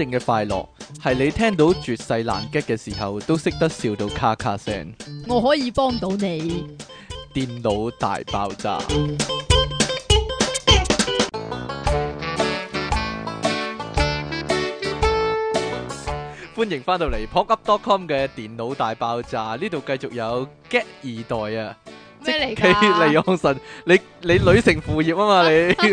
正嘅快樂係你聽到絕世難擊嘅時候，都識得笑到咔咔聲。我可以幫到你。電腦大爆炸。 歡迎翻到嚟 pokup.com 嘅電腦大爆炸，呢度繼續有 get 二代啊！積淇離岸神，你你女承父業啊嘛，你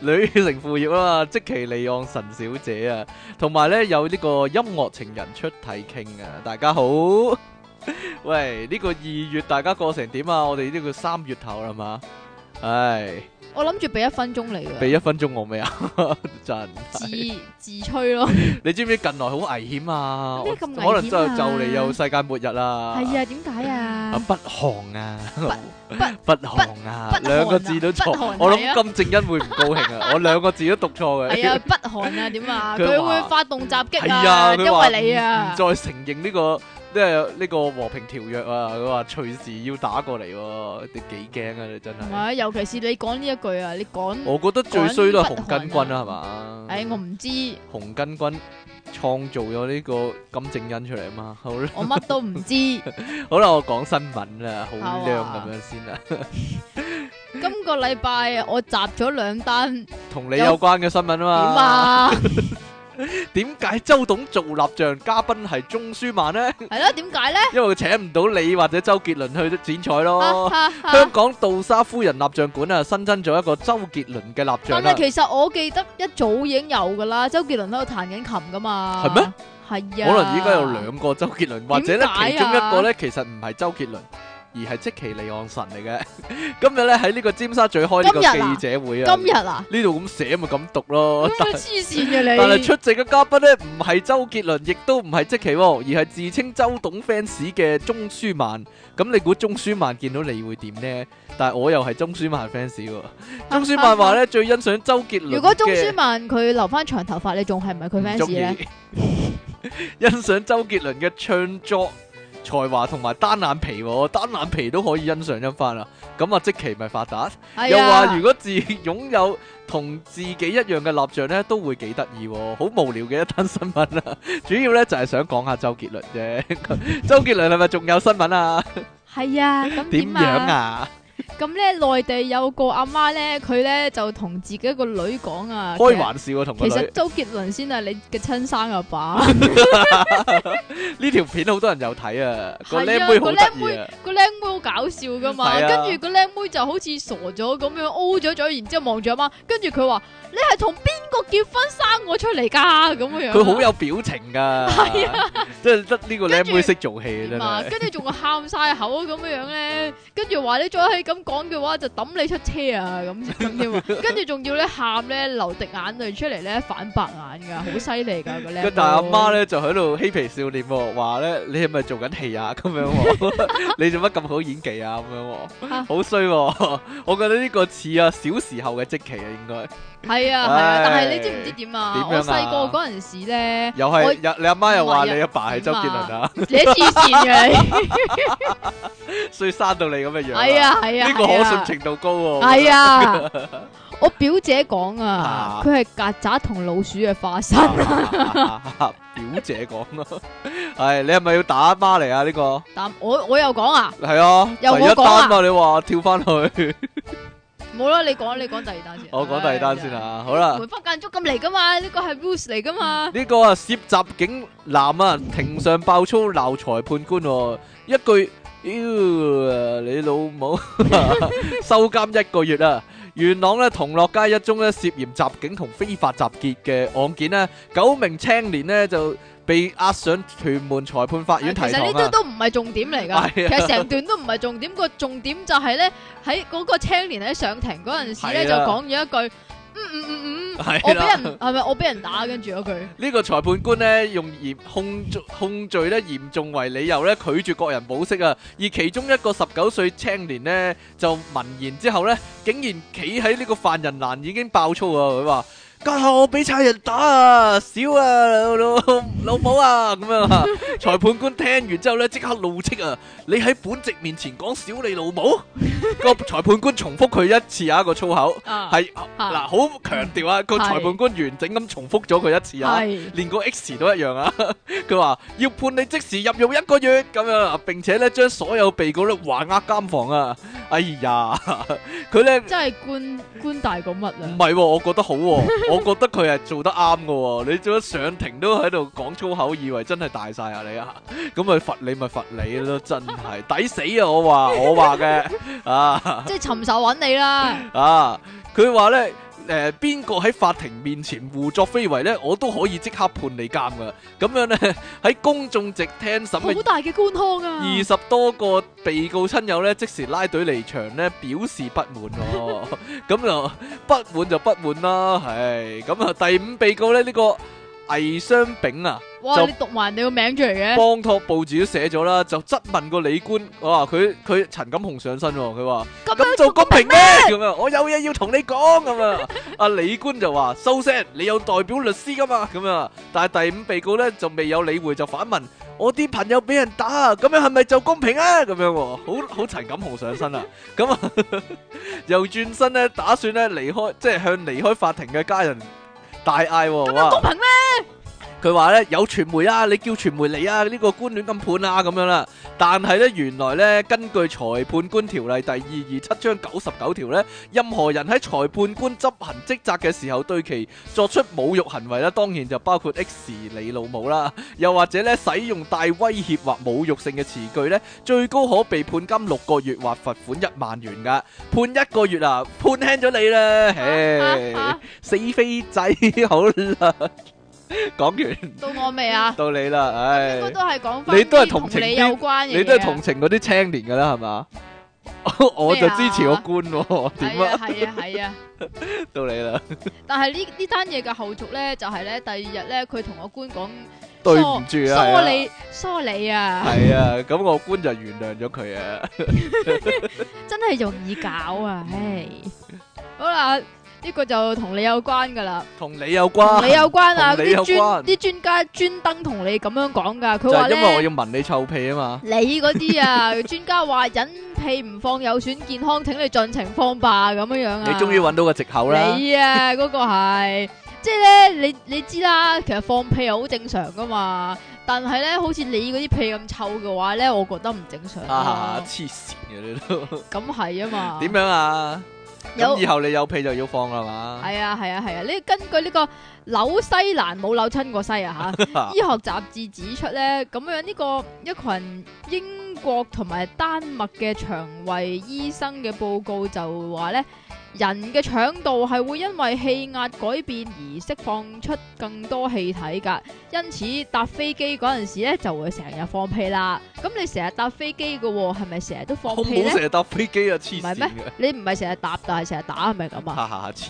女承父業啊嘛，積淇離岸神小姐啊，同埋咧有呢有個音樂情人出體傾啊，大家好，喂，呢、呢個二月大家過成點啊？我哋呢個三月頭啦嘛，唉。我諗住俾一分鐘你嘅，俾一分鐘我未啊，真自自吹咯。你知唔知近來好危險啊？咁可能真係就嚟有世界末日啦。係啊，點解啊？北韓啊，北北韓啊，兩個字都錯。我諗金正恩會唔高興啊！我兩個字都讀錯嘅。係啊，北韓啊，點啊？佢會發動襲擊啊！係啊，因為你啊，唔再承認呢個。即係呢個和平條約啊！佢話隨時要打過嚟，啊，你幾驚啊！你真係，唔係尤其是你講呢一句啊！你講，我覺得最衰都係洪金軍啊，係嘛吧？哎，我唔知，洪金軍創造咗呢個金正恩出嚟啊嘛， 好啦，我乜都唔知。好啦，我講新聞啦，好靚咁樣先啦。 今個禮拜我集咗兩單同你有關嘅新聞啊嘛。點啊？ 點解周董做蠟像嘉賓係鐘舒漫呢？係咯，點解呢？因為請唔到你或者周杰倫去剪彩咯。香港杜莎夫人蠟像館啊，新增咗一個周杰倫嘅蠟像啦。但係其實我記得一早已經有噶啦，周杰倫喺度彈緊琴噶嘛。係咩？係啊。可能而家有兩個周杰倫，或者咧其中一個咧，其實唔係周杰倫。而係積淇離岸神嚟嘅，今日咧喺呢個尖沙咀開呢個記者會啊！今日啊，呢度咁寫咪咁讀咯。咁黐線嘅你！但係出席嘅嘉賓咧唔係周杰倫，亦都唔係積淇，而係自稱周董 fans 嘅鐘舒曼。咁你估鐘舒曼見到你會點呢？但係我又係鐘舒曼 fans 喎。鐘舒曼話咧 最欣賞周杰倫。 如果鐘舒曼佢留翻長頭髮，你仲係唔係佢 fans 啊？欣賞周杰倫嘅唱作。才華同埋單眼皮喎、哦，單眼皮都可以欣賞一番啊。咁啊，積淇咪發達，又話如果自己擁有同自己一樣嘅蠟像呢，都會幾得意。好無聊嘅一單新聞啊。 主要呢，就係、是、想講下周杰倫啫。 周杰倫係咪仲有新聞啊？係啊，咁點樣啊？ 咁咧，內、嗯、地有個阿媽咧，佢咧就同自己個女講啊，開玩笑、啊，同其實周杰倫先係，你嘅親生阿爸。呢條片好多人有睇啊，個靚妹好、啊，個靚、啊、妹個靚妹好搞笑㗎嘛，啊、跟住個靚妹就好似傻咗咁樣 O 咗咗，呃、了了然之後望住阿媽，跟住佢話。你係同邊個結婚生我出嚟噶咁嘅樣？佢好有表情噶， 係啊，即係得呢個靚妹識做戲真係。跟住仲會喊晒口咁樣咧，跟住話你再係咁講嘅話就抌你出車啊，咁咁跟住仲要咧喊咧流滴眼淚出嚟咧反白眼噶，好犀利噶個靚。個 大阿媽咧就喺度嬉皮笑臉、哦，話咧你係咪做緊戲啊？咁 樣喎、哦，你做乜咁好演技啊？咁 樣喎、哦，好衰、哦。我覺得呢個似啊小時候嘅積淇啊，應該。係啊，係啊，但係你知唔知點啊？細個嗰陣時咧，又係你阿媽又話你阿爸係周杰倫啊，你黐線嘅，所以生到你咁嘅樣。係啊係啊，呢個可信程度高喎。係啊，我表姐講啊，佢係曱甴同老鼠嘅化身。表姐講咯，係你係咪要打媽嚟啊？呢個打我我又講啊，係啊，又一單啊，你話跳翻去。冇啦，你講你講第二單、 哎、先。我講第二單先吓，好啦。違法建築咁嚟噶嘛？呢、這個係 Bruce 嚟噶嘛？呢個啊，涉襲警男啊，庭上爆粗鬧裁判官、哦，一句，妖你老母， 收監一個月啊！ 元朗咧同樂街一宗咧涉嫌襲警同非法集結嘅案件咧，九名青年咧就被押上屯門裁判法院提堂。其實呢啲都唔係重點嚟㗎，是啊、其實成段都唔係重點，個重點就係咧喺嗰個青年喺上庭嗰陣時咧就講咗一句。嗯嗯嗯嗯，嗯嗯 我俾人係咪 我俾人打，跟住咗佢。呢 個裁判官呢，用嚴控，控罪控罪呢嚴重為理由呢，拒絕各人保釋啊！而其中一個十九歲青年呢，就聞言之後呢，竟然企喺呢個犯人欄已經爆粗啊！佢話。家下我俾差人打啊，少啊老老母啊咁樣，裁判官聽完之後呢，即刻怒斥啊！你喺本席面前講少你老母，個裁判官重複佢一次啊個粗口，係嗱好強調啊個裁判官完整咁重複咗佢一次啊，連個 X 都一樣啊！佢話要判你即時入獄一個月咁樣，並且呢，將所有被告都還押監房啊！哎呀，佢呢，真係官官大過乜啊！唔係，我覺得好。我覺得佢係做得啱㗎喎，你做咗上庭都喺度講粗口，以為真係大晒啊你啊，咁咪罰你咪罰你咯，真係抵死啊！我話我話嘅啊，即係尋仇揾你啦啊！佢話咧。誒，邊個喺法庭面前胡作非為呢？我都可以即刻判你監噶。咁樣呢，喺公眾席聽審，好大嘅官腔啊！二十多個被告親友呢，即時拉隊離場呢，表示不滿。咁 就不滿就不滿啦，係咁啊！第五被告呢，呢、呢個魏雙炳啊！哇，你讀埋你個名出嚟嘅，幫托報紙都寫咗啦。就質問個李官，我話佢佢陳錦鴻上身，佢話咁做公平咩？咁啊，我有嘢要同你講咁 啊。阿李官就話收聲，你有代表律師噶嘛？咁啊，但係第五被告咧就未有理會，就反問我啲朋友俾人打，咁樣係咪就公平啊？咁樣，好好陳錦鴻上身啦。咁啊， 又轉身咧，打算咧離開，即係向離開法庭嘅家人大嗌。咁哇公平咩？佢話咧有傳媒啊，你叫傳媒嚟啊，呢個官亂咁判啊，咁樣啦。但係咧，原來咧根據裁判官條例第二二七章九十九條咧，任何人喺裁判官執行職責嘅時候對其作出侮辱行為咧，當然就包括 X 你老母啦。又或者咧，使用帶威脅或侮辱性嘅詞句咧，最高可被判監六個月或罰款一萬元噶。判一個月啊，判輕咗你啦，唉，死飛仔，好啦。 講完到我未啊？到你啦，唉，都係講翻，你都係同情有關嘅，你都係同情嗰啲青年噶啦，係嘛？我我就支持我官，點啊？係啊係啊，到你啦。但係呢呢單嘢嘅後續咧，就係咧第二日咧，佢同我官講，對唔住啊，疏理疏理啊，係啊，咁我官就原諒咗佢啊，真係容易搞啊，唉，好啦。呢個就同你有關噶啦，同你有關，同你有關啊！啲專啲專家專登同你咁樣講噶，佢話因為我要聞你臭屁啊嘛！你嗰啲啊，專 家話忍屁唔放有損健康，請你盡情放吧，咁樣樣啊！你終於揾到個借口啦！你啊，嗰、那個係即係咧，你你知啦，其實放屁又好正常噶嘛，但係咧，好似你嗰啲屁咁臭嘅話咧，我覺得唔正常啊！黐綫嘅你都咁係啊嘛？點 樣啊？咁以後你有屁就要放啦嘛？係啊係啊係啊！你、啊啊啊、根據呢個紐西蘭冇扭親過西啊嚇，啊 醫學雜誌指出咧，咁樣呢個一群英國同埋丹麥嘅腸胃醫生嘅報告就話咧。人嘅腸道係會因為氣壓改變而釋放出更多氣體㗎，因此搭飛機嗰陣時咧就會成日放屁啦。咁你成日搭飛機嘅喎，係咪成日都放屁咧？我冇成日搭飛機啊，黐線！唔係咩？你唔係成日搭，但係成日打，係咪咁啊？黐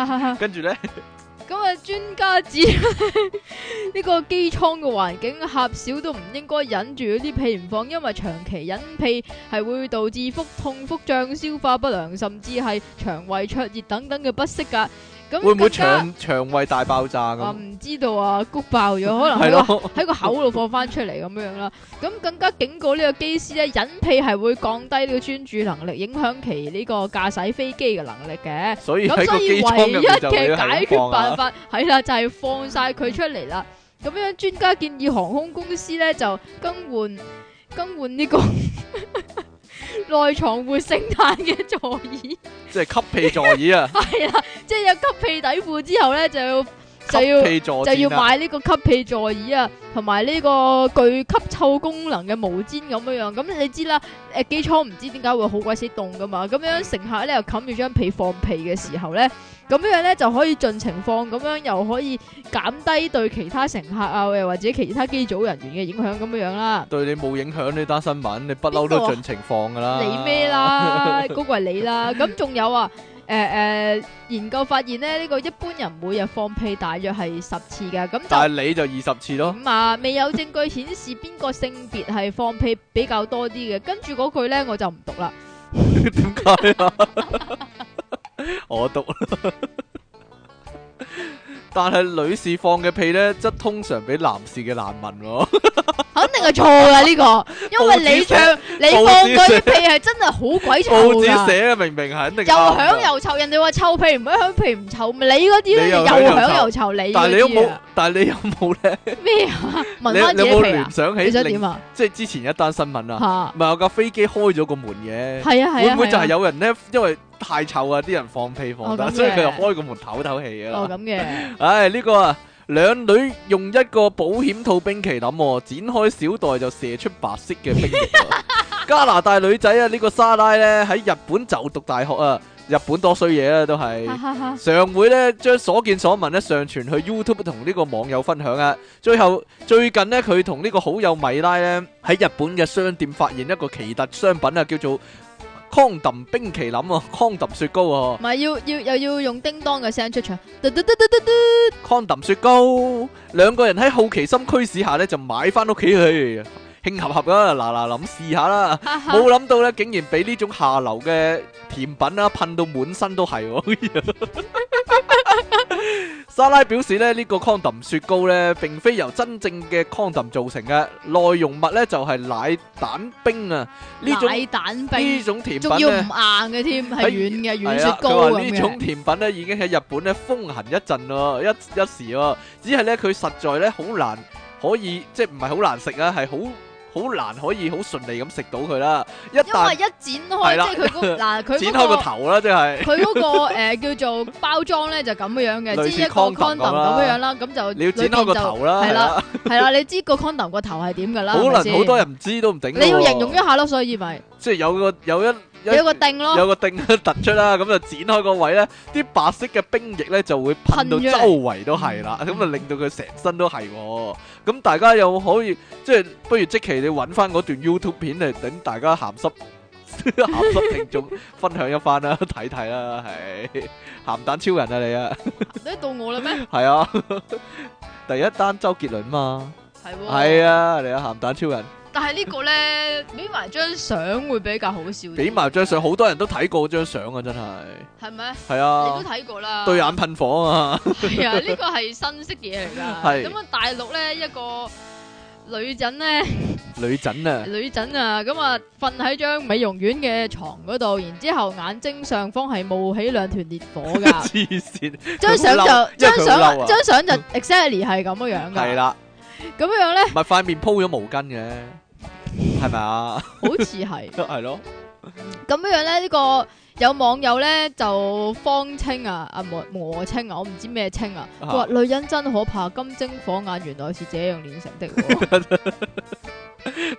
線！ 跟住咧。 咁啊，專家指呢個機艙嘅環境狹小，都唔應該忍住啲屁唔放，因為長期忍屁係會導致腹痛、腹脹、消化不良，甚至係腸胃灼熱等等嘅不適㗎。會唔會腸腸胃大爆炸咁、啊？唔、啊、知道啊，谷爆咗，可能喺個口度放翻出嚟咁 樣啦。咁更加警告個機呢個機師咧，忍屁係會降低呢個專注能力，影響其呢個駕駛飛機嘅能力嘅。所以喺個機艙入邊，所以唯一嘅解決辦法係啦、 啊，就係、是、放晒佢出嚟啦。咁樣，專家建議航空公司咧，就更換更換呢個。 內藏會聖誕嘅座椅，即係吸屁座椅啊！係啦，即係有吸屁底褲之後咧，就要就要就要買呢個吸屁座椅啊，同埋呢個具吸臭功能嘅毛氈咁樣樣。咁你知啦，誒機艙唔知點解會好鬼死凍噶嘛？咁樣乘客咧又冚住張被放屁嘅時候咧。咁樣咧就可以盡情放，咁樣又可以減低對其他乘客啊，或者其他機組人員嘅影響咁樣樣啦。對你冇影響呢單新聞，你不嬲都盡情放噶啦。你咩啦？嗰個係你啦。咁仲有啊？誒誒，研究發現咧，呢個一般人每日放屁大約係十次嘅。咁但係你就二十次咯。咁啊，未有證據顯示邊個性別係放屁比較多啲嘅。跟住嗰句咧，我就唔讀啦。點解啊？我讀。但係女士放嘅屁呢，則通常比男士嘅難聞， 肯定係錯㗎呢個， 因為你唱。 你放啲屁係真係好鬼臭啊！報紙寫啊，明明係肯定又響又臭，人哋話臭屁唔響，響屁唔臭，你嗰啲咧又響又臭。你但係你有冇？但係你有冇咧？咩啊？聞翻啲屁啊！你想點啊？即係之前一單新聞啦，唔係有架飛機開咗個門嘅，係啊係啊，會唔會就係有人咧因為太臭啊，啲人放屁放所以佢又開個門唞唞氣啊？哦咁嘅。唉，呢個啊，兩女用一個保險套冰淇淋，剪開小袋就射出白色嘅冰加拿大女仔啊，呢個莎拉咧喺日本就讀大學啊，日本多衰嘢啊，都係 常會咧將所見所聞咧上傳去 YouTube 同呢個網友分享啊。最後最近呢，佢同呢個好友米拉咧喺日本嘅商店發現一個奇特商品啊，叫做 Condom 冰淇淋啊，Condom 雪糕啊，唔係要要又要，要用叮噹嘅聲出場，嘟嘟嘟嘟嘟嘟，Condom 雪糕，兩個人喺好奇心驅使下咧就買翻屋企去。興合合噶，嗱嗱諗試下啦，冇諗到咧，竟然俾呢種下流嘅甜品啊噴到滿身都係。 沙拉表示咧，呢個 condom 雪糕咧，並非由真正嘅 condom 造成嘅，內容物咧就係、是、奶蛋冰啊。呢種，種甜品仲要唔硬嘅添，係軟嘅軟雪糕啊。佢話呢種甜品咧， 已經喺日本咧風行一陣咯，一一時只係咧佢實在咧好難可以，即係唔係好難食啊，係好。好難可以好順利咁食到佢啦，一但因為一剪開即係佢嗰嗱佢剪開個頭啦，即係佢嗰個誒叫做包裝咧就咁樣嘅，即係一個 condom 咁樣啦，咁就你要剪開個頭啦，係啦係啦，你知個 condom 個頭係點㗎啦，可能好多人唔知都唔定，你要形容一下咯，所以咪。即係有個有一有個定咯，有個定突出啦，咁就剪開個位咧，啲白色嘅冰液咧就會噴到周圍都係啦，咁就令到佢成身都係喎。咁大家又可以即係，不如即期你揾翻嗰段 YouTube 片嚟，等大家鹹濕鹹濕聽眾分享一番啦，睇睇啦，係鹹蛋超人啊你啊，你到我啦咩？係啊，第一單周杰倫嘛，係喎，係啊，你啊鹹蛋超人。但係呢個咧，比埋張相會比較好笑啲。比埋張相，好多人都睇過張相啊，真係。係咪？係啊，你都睇過啦。對眼噴火啊！係啊，呢個係新式嘢嚟噶。係。咁啊，大陸咧一個女人咧，女人啊，女人啊，咁啊，瞓喺張美容院嘅床嗰度，然之後眼睛上方係冒起兩團烈火噶。黐線！張相就張相，張相就 exactly 係咁樣樣噶。係啦。咁樣樣咧？唔係，塊面鋪咗毛巾嘅。係咪啊？好似係，係咯 咁樣樣咧，呢個有網友咧就方清啊，啊磨，磨清啊，我唔知咩清啊，話女人真可怕，金睛火眼原來是這樣煉成的，哦。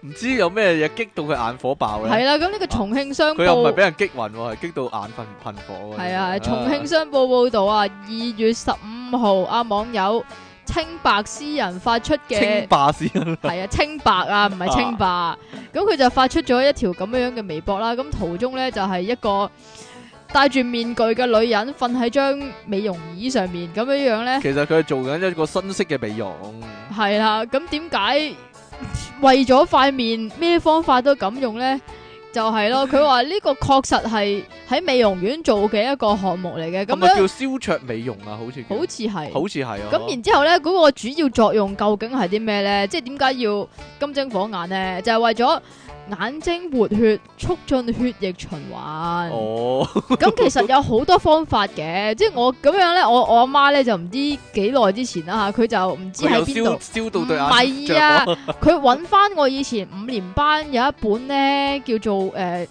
唔 知有咩嘢激到佢眼火爆咧？係啦，啊，咁呢個重慶商報佢，啊，又唔係俾人激暈，啊，係激到眼瞓噴火，啊。係啊，啊，重慶商報報道啊，二月十五號啊，網，啊，友。啊清白私人發出嘅，清白私人，係啊，清白啊，唔係清白。咁佢、啊、就發出咗一條咁樣樣嘅微博啦。咁途中咧就係、是、一個戴住面具嘅女人瞓喺張美容椅上面，咁樣樣咧。其實佢係做緊一個新式嘅美容。係啦，咁點解為咗塊面咩方法都咁用咧？就係咯，佢話呢個確實係喺美容院做嘅一個項目嚟嘅，咁 樣係咪叫燒灼美容啊？好似好似係，好似係啊。咁然之後咧，嗰 個主要作用究竟係啲咩咧？即係點解要金睛火眼咧？就係、是、為咗。眼睛活血，促進血液循環。哦，咁其實有好多方法嘅，即係我咁樣咧，我我阿媽咧就唔知幾耐之前啦吓，佢就唔知喺邊度。燒到對眼脹。唔係啊，佢搵翻我以前五年班有一本咧，叫做《誒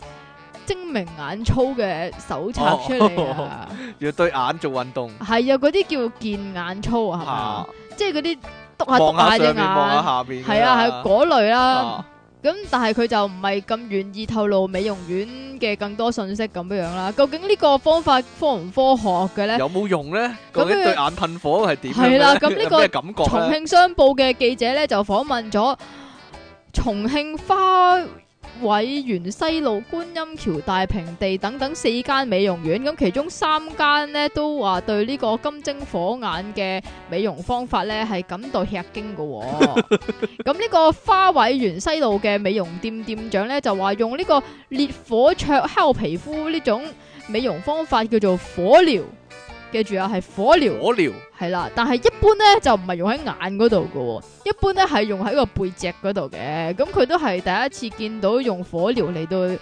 精明眼操》嘅手冊出嚟啊。要對眼做運動。係啊，嗰啲叫健眼操啊。係咪？即係嗰啲督下督下隻眼。下邊。係啊，係嗰類啦。咁但係佢就唔係咁願意透露美容院嘅更多信息咁樣樣啦。究竟呢個方法科唔科學嘅咧？有冇用咧？究竟對眼噴火係點？係啦，咁 呢個重慶商報嘅記者咧就訪問咗重慶花。卉園西路觀音橋、大坪地等等四間美容院，咁其中三間咧都話對呢個金睛火眼嘅美容方法咧係感到吃驚噶、哦。咁呢 個花卉園西路嘅美容店店長呢，就話用呢個烈火灼烤皮膚呢種美容方法叫做火療。記住啊，係火療，火療係啦，但係一般咧就唔係用喺眼嗰度噶，一般咧係用喺個背脊嗰度嘅。咁佢都係第一次見到用火療嚟到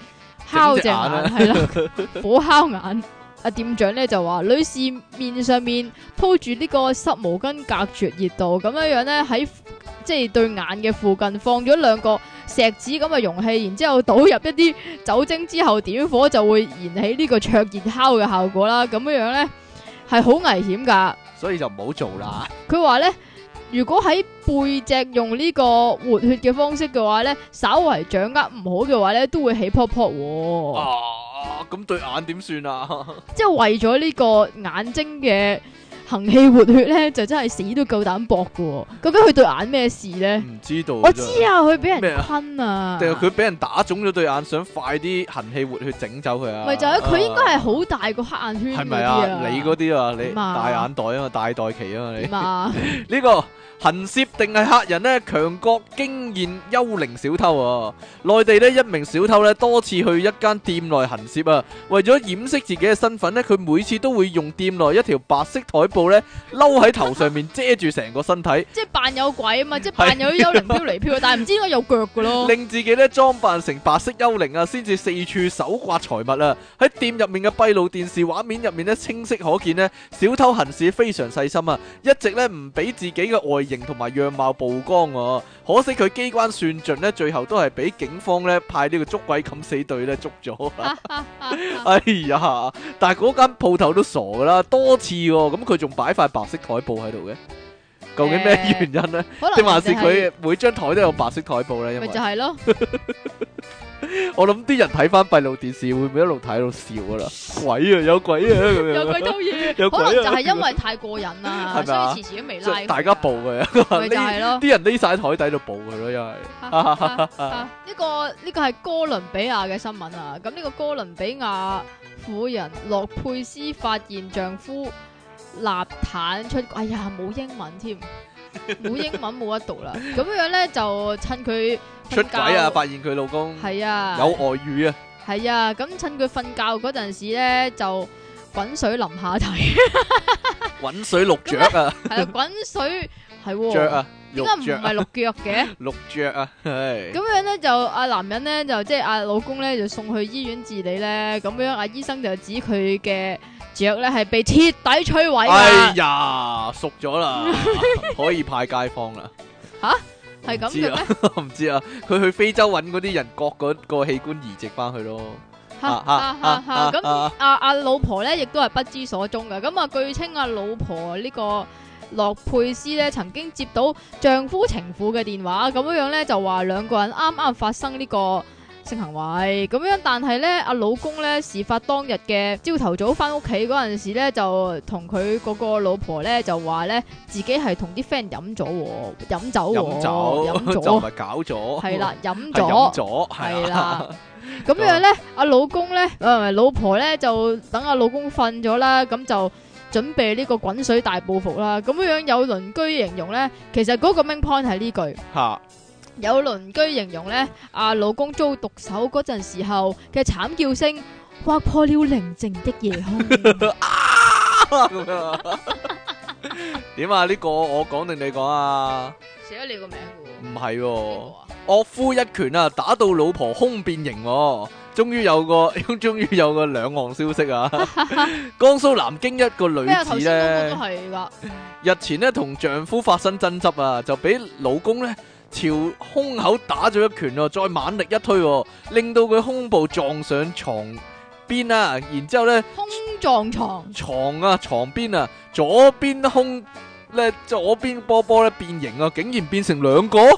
烤隻眼，係啦， 火烤眼。阿店長咧就話，女士面上面鋪住呢個濕毛巾隔絕熱度，咁樣樣咧喺即係對眼嘅附近放咗兩個石子咁嘅容器，然之後倒入一啲酒精之後點火就會燃起呢個灼熱烤嘅效果啦。咁樣樣咧。係好危險噶，所以就唔好做啦。佢話咧，如果喺背脊用呢個活血嘅方式嘅話咧，稍為掌握唔好嘅話咧，都會起泡泡、哦啊。啊，咁對眼點算啊？ 即係為咗呢個眼睛嘅。行氣活血咧，就真係死都夠膽搏噶喎！究竟佢對眼咩事咧？唔知道。我知啊，佢俾麼人困啊。定係佢俾人打腫咗對眼，想快啲行氣活血整走佢啊！咪就係佢應該係好大個黑眼圈。係咪啊？你嗰啲啊，你嗎大眼袋啊嘛，大袋期啊嘛，你嗎。呢、 呢個。行竊定係客人咧？強國驚現幽靈小偷啊！內地咧一名小偷咧多次去一間店內行竊啊！為咗掩飾自己嘅身份咧，佢每次都會用店內一條白色台布咧褸喺頭上面遮住成個身體， 即係扮有鬼啊嘛！即係扮有幽靈飄嚟飄去， 但係唔知應該有腳嘅咯。令自己咧裝扮成白色幽靈啊，先至四處搜刮財物啊！喺店入面嘅閉路電視畫面入面咧清晰可見咧，小偷行事非常細心啊！一直咧唔俾自己嘅外形同埋樣貌曝光啊！可惜佢機關算盡呢，最後都係俾警方咧派呢個捉鬼冚死隊咧捉咗、啊。啊啊、 哎呀！但係嗰間鋪頭都傻噶啦，多次咁佢仲擺塊白色台布喺度嘅，究竟咩原因咧？定、欸、 還是佢每張台都有白色台布咧？因為就係咯。 我諗啲人睇翻閉路電視會唔會一路睇一路笑噶啦？鬼啊！有鬼啊！樣啊 有鬼都、啊、嘢， 可能就係因為太過癮啦， 吧所以遲遲都未拉。大家報佢，咪係咯？啲人匿晒喺台底度報佢咯，又係。呢、 這個呢、這個係、這個這個這個、哥倫比亞嘅新聞啊！咁呢、這個哥倫比亞婦人洛佩斯發現丈夫納坦出，哎呀，冇英文添，冇英文冇得讀啦！咁 樣咧就趁佢。出軌啊！發現佢老公係啊，有外遇啊，係啊！咁趁佢瞓覺嗰陣時咧，就滾水淋下體，滾水淥雀啊！係啊，滾水係雀啊，點解唔係落腳嘅，淥雀啊！唉，咁樣咧就阿男人咧就即係阿老公咧就送去醫院治理咧，咁樣阿醫生就指佢嘅雀咧係被徹底摧毀，哎呀！熟咗啦，可以派街坊啦。吓？係咁嘅咩？我唔知，啊、欸嗯、知啊！佢、啊、去非洲揾嗰啲人割嗰個器官移植翻去咯。吓吓吓吓！咁阿阿老婆咧亦都係不知所蹤嘅。咁、嗯、啊，啊啊據稱阿老婆呢個洛佩斯咧曾經接到丈夫情婦嘅電話，咁樣樣咧就話兩個人啱啱發生呢、呢個。性行為咁樣，但係咧，阿老公咧，事發當日嘅朝頭早翻屋企嗰陣時咧，就同佢嗰個老婆咧就話咧，自己係同啲 friend 飲咗，飲酒，飲咗，唔係搞咗，係啦，飲咗，係啦，咁樣咧，阿老公咧，誒，老婆咧就等阿老公瞓咗啦，咁就準備呢個滾水大報復啦。咁樣樣有鄰居形容咧，其實嗰個 main point 係呢句吓。有鄰居形容咧，阿、啊、老公遭毒手嗰陣時候嘅慘叫聲，劃破了寧靜的夜空。 啊！點、這個、啊？呢個我講定你講啊？寫咗你個名噶？唔係，惡夫一拳啊，打到老婆胸變形，啊，終於有個，終於有個兩岸消息啊！ 江蘇南京一個女子咧，剛剛個都 日前呢，同丈夫發生爭執啊，就俾老公咧，朝胸口打咗一拳，再猛力一推，令到佢胸部撞上床邊啦，然之後呢，胸撞床，床啊床邊啊，左邊胸咧，左邊波波咧變形啊，竟然變成兩個。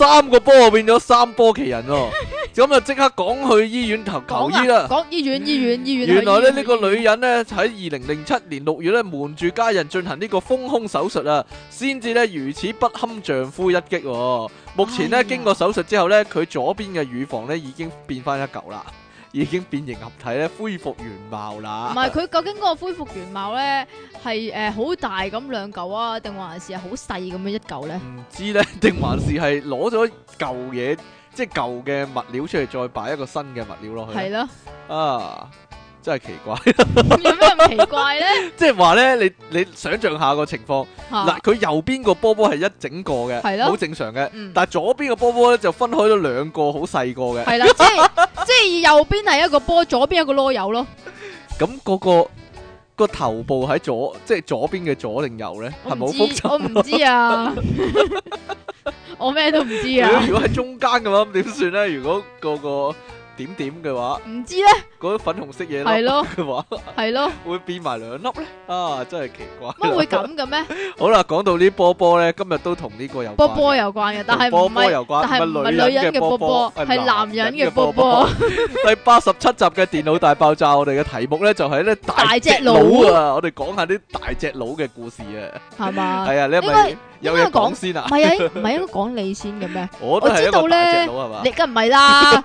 三個波變咗三波奇人喎、哦，咁 就即刻趕去醫院求求醫啦、啊！講醫院醫院醫院。原來咧呢、呢個女人呢，喺二零零七年六月呢，瞞住家人進行呢個豐胸手術啊，先至呢如此不堪丈夫一擊、哦。目前呢，唉呀 經過手術之後呢，佢左邊嘅乳房呢已經變翻一嚿啦，已經變形合體咧，恢復原貌啦。唔係，佢究竟嗰個恢復原貌呢？係誒，好大咁兩嚿啊？定還是係好細咁樣一嚿咧？唔知咧，定還是係攞咗舊嘢，即係舊嘅物料出嚟，再擺一個新嘅物料落去？係咯，啊，真係奇怪。有咩咁奇怪咧？即係話咧，你你想象下個情況。嗱，佢右邊個波波係一整個嘅，係咯，好正常嘅。但係左邊個波波咧就分開咗兩個好細個嘅。係啦，即係即係右邊係一個波，左邊一個籮柚咯。咁嗰個。個頭部喺左，即係左邊嘅左定右咧？係冇復診，是是我唔知啊， 我咩都唔知啊。如果喺中間嘅話，咁點算咧？如果個個～點點嘅話，唔知咧，嗰啲粉紅色嘢，係咯，嘅話係咯，會變埋兩粒咧，啊，真係奇怪，乜會咁嘅咩？好啦，講到呢波波咧，今日都同呢個有波波有關嘅，但係唔係有關，但係唔係女人嘅波波，係男人嘅波波。第八十七集嘅電腦大爆炸，我哋嘅題目咧就係咧大隻佬啊！我哋講下啲大隻佬嘅故事啊，係嘛？係啊，你係咪。應該講先啊，唔係啊，唔係應該講你先嘅咩？我知道咧，你梗唔係啦。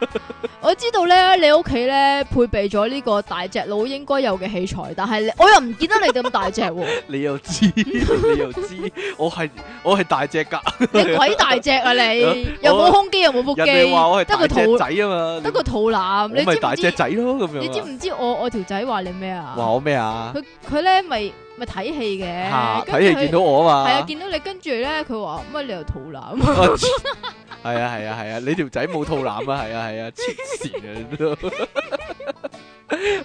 我知道咧，你屋企咧配備咗呢個大隻佬應該有嘅器材，但係我又唔見得你咁大隻喎。你又知？你又知？我係我係大隻噶，你鬼大隻啊！你又冇胸肌又冇腹肌，得個肚仔啊嘛，得個肚腩。你知大隻仔咯咁樣。你知唔知我我條仔話你咩啊？話我咩啊？佢佢咧咪？咪睇戲嘅，睇戲見到我啊嘛，係啊見到你，跟住咧佢話乜你又肚腩？係啊係啊係啊，你條仔冇肚腩啊，係啊係啊，黐線嘅都。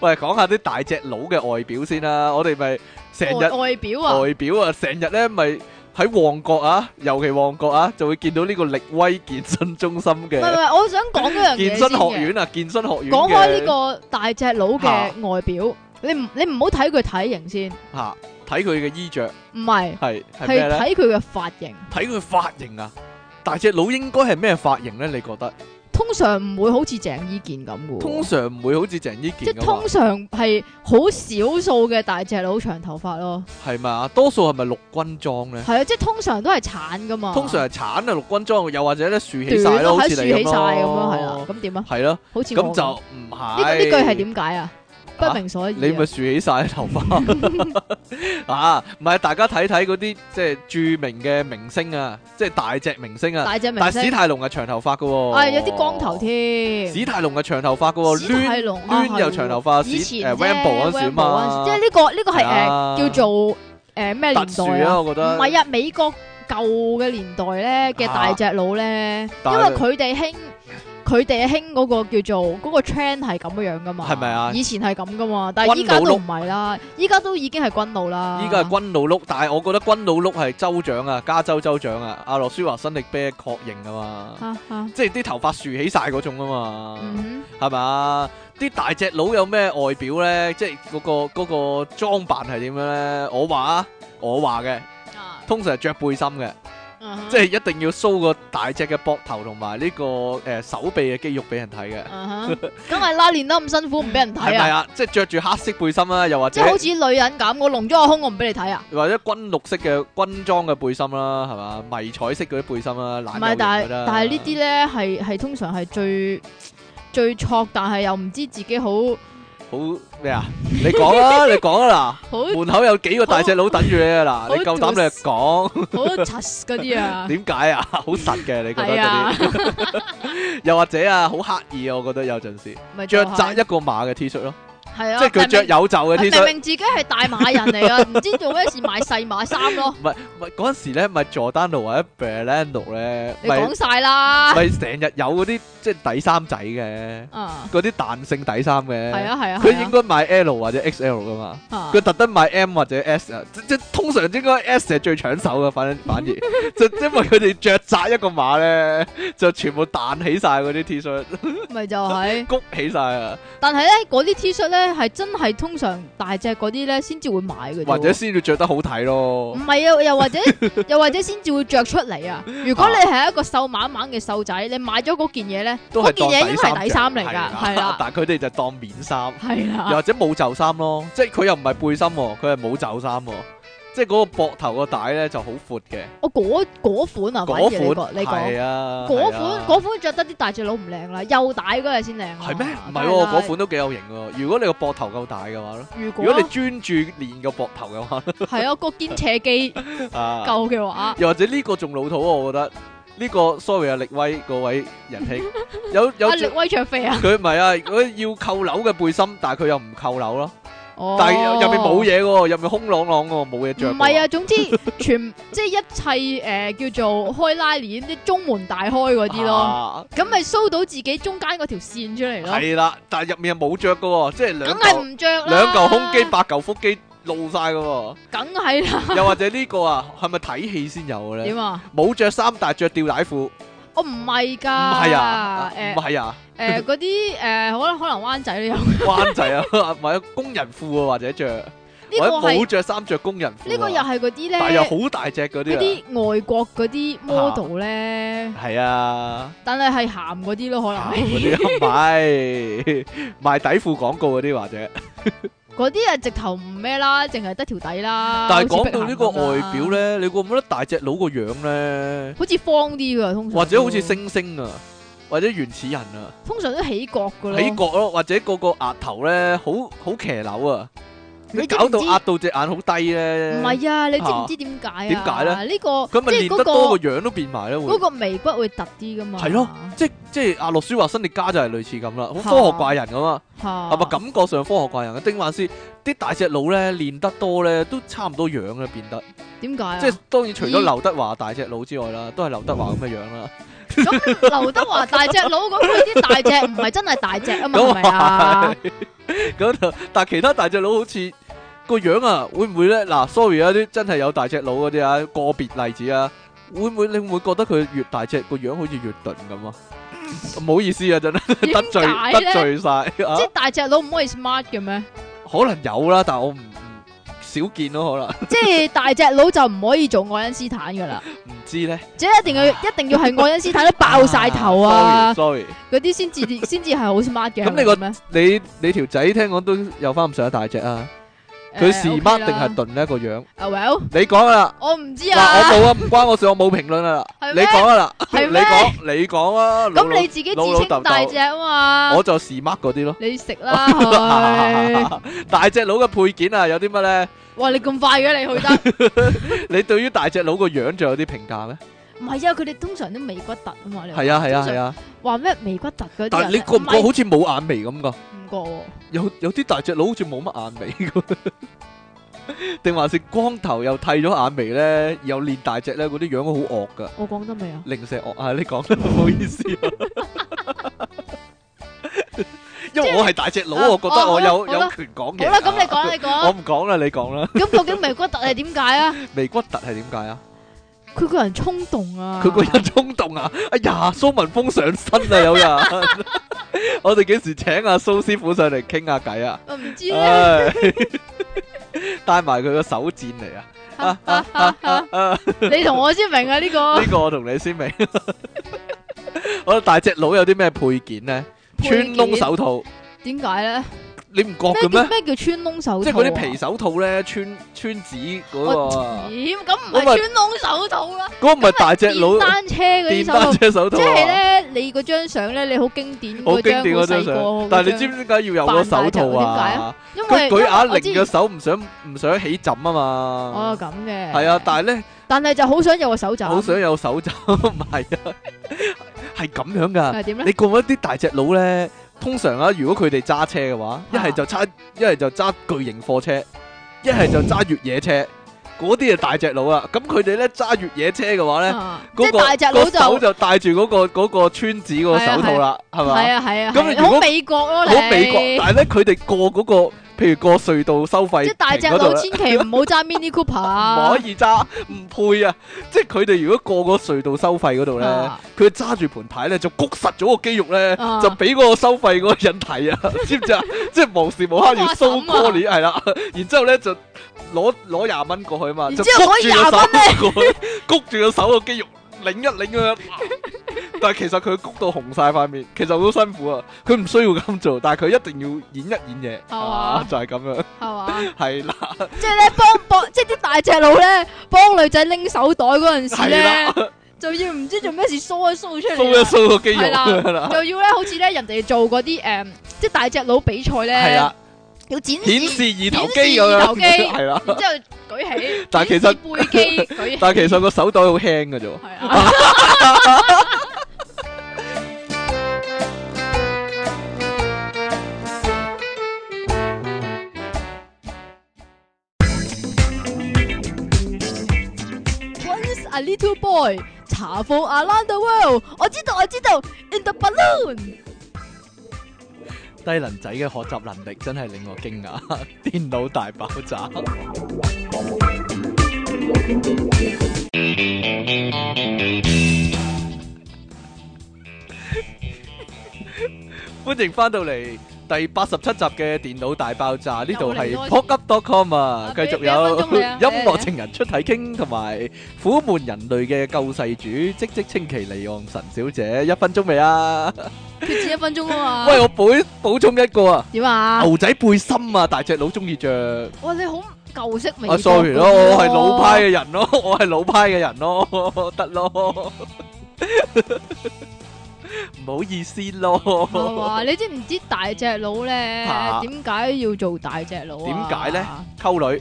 喂，講下啲大隻佬嘅外表先啦，我哋咪成日外表啊，外表啊，成日咧咪喺旺角啊，尤其旺角啊，就會見到呢個力威健身中心嘅。唔係，我想講嗰樣嘢。健身學院啊，健身學院。講開呢個大隻佬嘅外表。你唔你唔好睇佢體型先，吓睇佢嘅衣着，唔係係係睇佢嘅髮型，睇佢髮型啊！大隻佬應該係咩髮型咧？你覺得通常唔會好似鄭伊健咁嘅，通常唔會好似鄭伊健，即通常係好少數嘅大隻佬長頭髮咯，係咪？多數係咪陸軍裝咧？係啊，即係通常都係鏟噶嘛，通常係鏟啊陸軍裝，又或者咧豎起晒好似你咁咯，豎起晒咁咯，係啦，咁點啊？係咯，咁就唔係呢句係點解啊？不明所以，你咪豎起曬頭髮啊！唔係，大家睇睇嗰啲即係著名嘅明星啊，即係大隻明星啊，但史泰龍係長頭髮嘅喎，係有啲光頭添。史泰龍係長頭髮嘅喎，史泰龍攣又長頭髮，以前，誒 Rambo 嗰時，即係呢個呢個係誒叫做誒咩年代啊？我覺得唔係啊，美國舊嘅年代咧嘅大隻佬咧，因為佢哋興。佢哋興嗰個叫做嗰、嗰個 trend 係咁樣噶嘛？係咪啊？以前係咁噶嘛？但係依家都唔係啦，依家都已經係軍佬啦。依家係軍佬碌，但係我覺得軍佬碌係州長啊，加州州長啊，阿羅舒華辛力啤確認啊嘛，即係啲頭髮豎起晒嗰種啊嘛，係咪、嗯哼？啲大隻佬有咩外表咧？即係嗰、嗰個嗰、嗰個、裝扮係點樣咧？我話啊，我話嘅，通常係着背心嘅。Uh huh. 即係一定要 show 個大隻嘅膊頭同埋呢個誒、呃、手臂嘅肌肉俾人睇嘅、uh，梗係拉練得咁辛苦唔俾人睇啊！係咪啊？即係着住黑色背心啦、啊，又或者好似女人咁，我隆咗個胸我唔俾你睇啊？或者軍綠色嘅軍裝嘅背心啦、啊，係嘛，迷彩色嗰啲背心啦、啊，唔係、啊，但係但係呢啲咧，係係通常係最最挫，但係又唔知自己好。好咩啊？你講啊，你講啊嗱，好門口有幾個大隻佬等住你啊嗱，你夠膽你講？好測試嗰啲啊？點解啊？好實嘅你覺得嗰啲？啊、 又或者啊，好刻意啊，我覺得有陣時。咪着窄一個碼嘅 T 恤咯。係啊，即係佢着有袖嘅 T 恤，明明自己係大碼人嚟啊，唔知做咩事買細碼衫咯。唔係唔係嗰陣時咧，唔係佐丹奴或者 Baleno 咧，你講晒啦。唔係成日有嗰啲即係底衫仔嘅，啊，嗰啲彈性底衫嘅，係啊係啊，佢應該買 L 或者 XL 噶嘛，佢特登買 M 或者 S 啊，即即通常應該 S 係最搶手噶，反正反而就因為佢哋着窄一個碼咧，就全部彈起晒嗰啲 T 恤，咪就係谷起晒啊！但係，咧嗰啲 T 恤咧。咧，係真係通常大隻嗰啲咧先至會買嘅，或者先至着得好睇咯。唔係啊，又或者 又或者先至會着出嚟啊。如果你係一個瘦蜢蜢嘅瘦仔，你買咗嗰件嘢咧，嗰都是 件嘢應該係底衫嚟噶，係啦。但係佢哋就當面衫，係啦，又或者冇袖衫咯，即係佢又唔係背心，啊，佢係冇袖衫，啊。即係嗰個膊頭個帶咧就好闊嘅，哦。我嗰款啊，嗰款呢講。係說啊。嗰款嗰，啊，款得著得啲大隻佬唔靚啦，又帶嗰係先靚。係咩？唔係喎，嗰是款都幾有型喎。如果你個膊頭夠大嘅話咧，如果，如果你專注練個膊頭嘅話，係 啊，個肩斜肌 夠嘅話。又或者呢個仲老土啊，我覺得呢，這個，sorry 啊，力威嗰位仁兄，有有力威著肥啊。佢唔係啊，佢要扣紐嘅背心，但係佢又唔扣紐咯。哦、但係入面冇嘢喎，入、哦、面空朗朗喎，冇嘢着。唔係啊，總之 全即係、就是、一切誒、呃，叫做開拉鏈，啲中門大開嗰啲咯。咁咪 show 到自己中間嗰條線出嚟咯。係啦，但係入面係冇着嘅，即係兩，梗係唔着啦，兩嚿胸肌、八嚿腹肌露晒嘅。梗係然啦。又或者呢個啊，係咪睇戲先有嘅咧？點樣啊？冇着衫，但係着吊帶褲。我唔係㗎，唔係啊，誒唔、呃、啊，誒嗰啲誒可能可能灣仔都有，灣仔啊，或者 工人褲啊或者着。呢個好着衫着工人褲、啊，個呢個又係嗰啲咧，但係又好大隻嗰啲、啊，啲外國嗰啲 model 咧，係啊，啊但係係鹹嗰啲咯，可能係，唔係 賣底褲廣告嗰啲或者。嗰啲啊直頭唔咩啦，淨係得條底啦。但係講到呢個外表咧，你覺唔覺得大隻佬個樣咧？好似方啲噶，通常或者好似猩猩啊，或者原始人啊。通常都起角噶啦，起角咯，或者個個額頭咧好好騎樓啊。你搞到壓到隻眼好低咧？唔係啊，你知唔知點解啊？點解咧？呢個佢咪練得多個樣都變埋咯，會嗰個眉骨會突啲噶嘛？係咯，即係即係阿諾舒華辛力加就係類似咁啦，好科學怪人咁啊，係咪感覺上科學怪人啊？丁萬斯啲大隻佬咧練得多咧都差唔多樣啊，變得點解啊？即係當然除咗劉德華大隻佬之外啦，都係劉德華咁嘅樣啦。咁劉德華大隻佬嗰啲大隻唔係真係大隻啊嘛？係咪啊？咁但係其他大隻佬好似～個樣啊，會唔會咧？嗱，sorry 啊，啲真係有大隻佬嗰啲啊，個別例子啊，會唔會你會唔會覺得佢越大隻個樣好似越鈍咁啊？唔好意思啊，真係得罪得罪晒啊！即係大隻佬唔可以 smart 嘅咩？可能有啦，但我唔少見咯，可能。即係大隻佬就唔可以做愛因斯坦噶啦。唔知咧。即係一定要一定要係愛因斯坦都爆晒頭啊！sorry，嗰啲先至先至係好 smart 嘅。咁你個咩？你你條仔聽講都有翻咁上一大隻啊？佢是乜定係鈍咧？一個樣，阿 Well，你講啦，我唔知啊。嗱，我冇啊，唔關我事，我冇評論啊。你講啦，係咩？你講，你講啊。咁你自己自稱大隻啊嘛？我就是乜嗰啲咯。你食啦，大隻佬嘅配件啊，有啲乜咧？哇，你咁快嘅，你去得。你對於大隻佬個樣仲有啲評價咧？唔係啊，佢哋通常都眉骨突啊嘛。係啊，係啊，係啊。話咩眉骨突嗰啲？但你覺唔覺好似冇眼眉咁噶？個有有啲大隻佬好似冇乜眼眉，定還是光頭又剃咗眼眉咧，又練大隻咧，嗰啲樣好惡噶。我講得未啊？零舍惡啊！你講，唔好意思。因為我係大隻佬，我覺得我有有權講嘢。好啦，咁你講，你講，我唔講啦，你講啦。咁究竟眉骨突係點解啊？眉骨突係點解啊？佢個人衝動啊！佢個人衝動啊！哎呀，蘇文峰上身啊！有人， 我哋幾時請阿蘇師傅上嚟傾下偈啊？我唔知、哎、 帶啊，帶埋佢個手賤嚟啊！啊啊啊 你同我先明啊呢、呢個呢 個同你先明。 我大隻佬有啲咩配件呢？件穿窿手套。點解呢？你唔覺嘅咩？咩叫穿窿手套？即係嗰啲皮手套咧，穿穿紙嗰個。點咁唔係穿窿手套啦？嗰個唔係大隻佬單車嗰啲單車手套。即係咧，你嗰張相咧，你好經典嗰張好細個嗰張相。但係你知唔知點解要有個手套啊？點解啊？因為舉啞鈴嘅手唔想唔想起枕啊嘛。哦，咁嘅。係啊，但係咧。但係就好想有個手枕。好想有手枕，唔係啊？係咁樣噶。係點咧？你過一啲大隻佬咧？通常啦、啊，如果佢哋揸車嘅話，一係就揸，一係就揸巨型貨車，一係就揸越野車，嗰啲就大隻佬啦。咁佢哋咧揸越野車嘅話咧，嗰、啊那個即大隻佬就個手就戴住嗰個嗰、那個穿子個手套啦，係咪？係啊，係啊。咁好美國咯、啊、好美國你但係咧佢哋過嗰、那個。譬如過隧道收費，即係大隻佬千祈唔好揸 Mini Cooper，啊，唔 可以揸，唔配啊！即係佢哋如果過個隧道收費嗰度咧，佢揸住盤牌咧就谷實咗個肌肉咧，就俾嗰個收費嗰個人睇啊，知唔知啊？即係無時無刻要 show 你係啦，然之後咧就攞攞廿蚊過去嘛，之就谷住個手,手去，谷住個手個肌肉，擰一擰,一擰啊。 但係其實佢谷到紅晒塊面，其實好辛苦啊！佢唔需要咁做，但係佢一定要演一演嘢，就係咁樣，係嘛？係啦，即係咧幫幫，即係啲大隻佬咧幫女仔拎手袋嗰陣時咧，就要唔知做咩事 show 一 show 出嚟，show 一 show 個肌肉，係啦，就要咧好似咧人哋做嗰啲誒，即係大隻佬比賽咧，要展示二頭肌咁樣，係啦，之後舉起，但係其實背肌但係其實個手袋好輕嘅啫。Little boy，查房阿蘭德威爾，我知道我知道，In the balloon。低能仔嘅學習能力真係令我驚訝，電腦大爆炸。歡迎翻到嚟，第八十七集嘅電腦大爆炸呢度係 pogup.com 啊，繼續有音樂情人出體 King 同埋苦悶人類嘅救世主，積積清奇離岸神小姐，一分鐘未啊？缺錢一分鐘啊喂，我補補充一個啊，點啊？牛仔背心啊，大隻佬中意着！哇，你好舊式味。啊，sorry 咯，我係老派嘅人咯，我係老派嘅人咯，得咯。唔好意思咯， 你知唔知大隻佬咧？點解、啊、要做大隻佬啊？點解咧？溝女。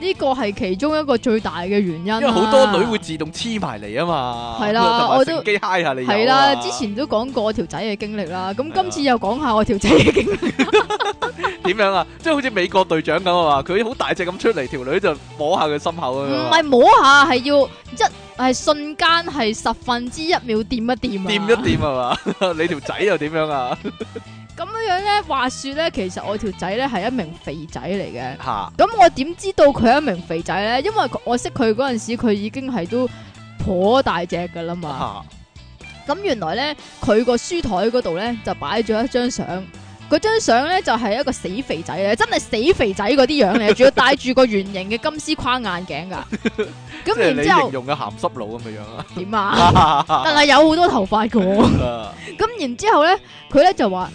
呢個係其中一個最大嘅原因，因為好多女會自動黐埋嚟啊嘛。係啦，還有 我都幾嗨下你，係啦，之前都講過條仔嘅經歷啦，咁今、嗯、次又講下我條仔嘅經歷，點樣啊？即係好似美國隊長咁啊嘛，佢好大隻咁出嚟，條女就摸下佢心口啊，唔係摸下係要一係瞬間係十分之一秒掂一掂，啊，掂一掂啊嘛？ 你條仔又點樣啊？ 咁樣樣咧，話說咧，其實我條仔咧係一名肥仔嚟嘅。吓咁、啊、我點知道佢係一名肥仔咧？因為我識佢嗰陣時，佢已經係都頗大隻噶啦嘛。吓咁、啊、原來咧，佢個書枱嗰度咧就擺咗一張相。嗰張相咧就係一個死肥仔咧，真係死肥仔嗰啲樣嚟，仲要戴住個圓形嘅金絲框眼鏡噶。即係你形容嘅鹹濕佬咁嘅樣啊？點啊？啊啊 但係有好多頭髮嘅。 咁然之後咧，佢咧就話。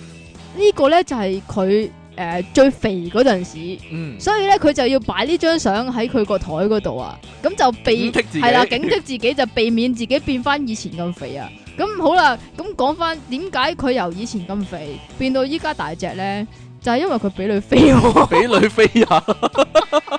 呢個呢就係佢誒最肥嗰陣時，嗯、所以呢，佢就要擺呢張相喺佢個台嗰度啊，咁就被，係啦、啊，警惕自己就避免自己變翻以前咁肥啊。咁好啦，咁講翻點解佢由以前咁肥變到依家大隻呢？就係、是、因為佢俾女飛，俾女飛啊！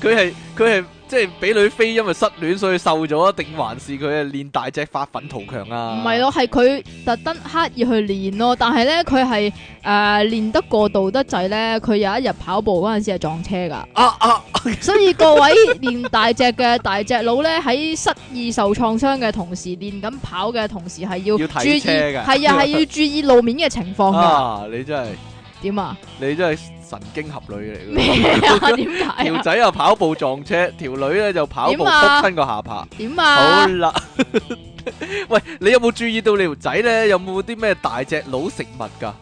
佢係佢係即係俾女飛，因為失戀所以瘦咗，定還是佢係練大隻發奮圖強啊？唔係咯，係佢特登刻意去練咯，喔。但係咧，佢係誒練得過度得滯咧，佢有一日跑步嗰陣時係撞車噶、啊。啊啊！所以各位練大隻嘅 大隻佬咧，喺失意受創傷嘅同時練緊跑嘅同時，係要注意係啊，係要注意路面嘅情況噶。啊！你真係點啊？你真係。神經俠女嚟嘅，咩啊？啊啊，條 仔又跑步撞車，條女咧就跑步撲親個下巴。點啊？好啦， 喂，你有冇注意到你條仔咧有冇啲咩大隻佬食物噶？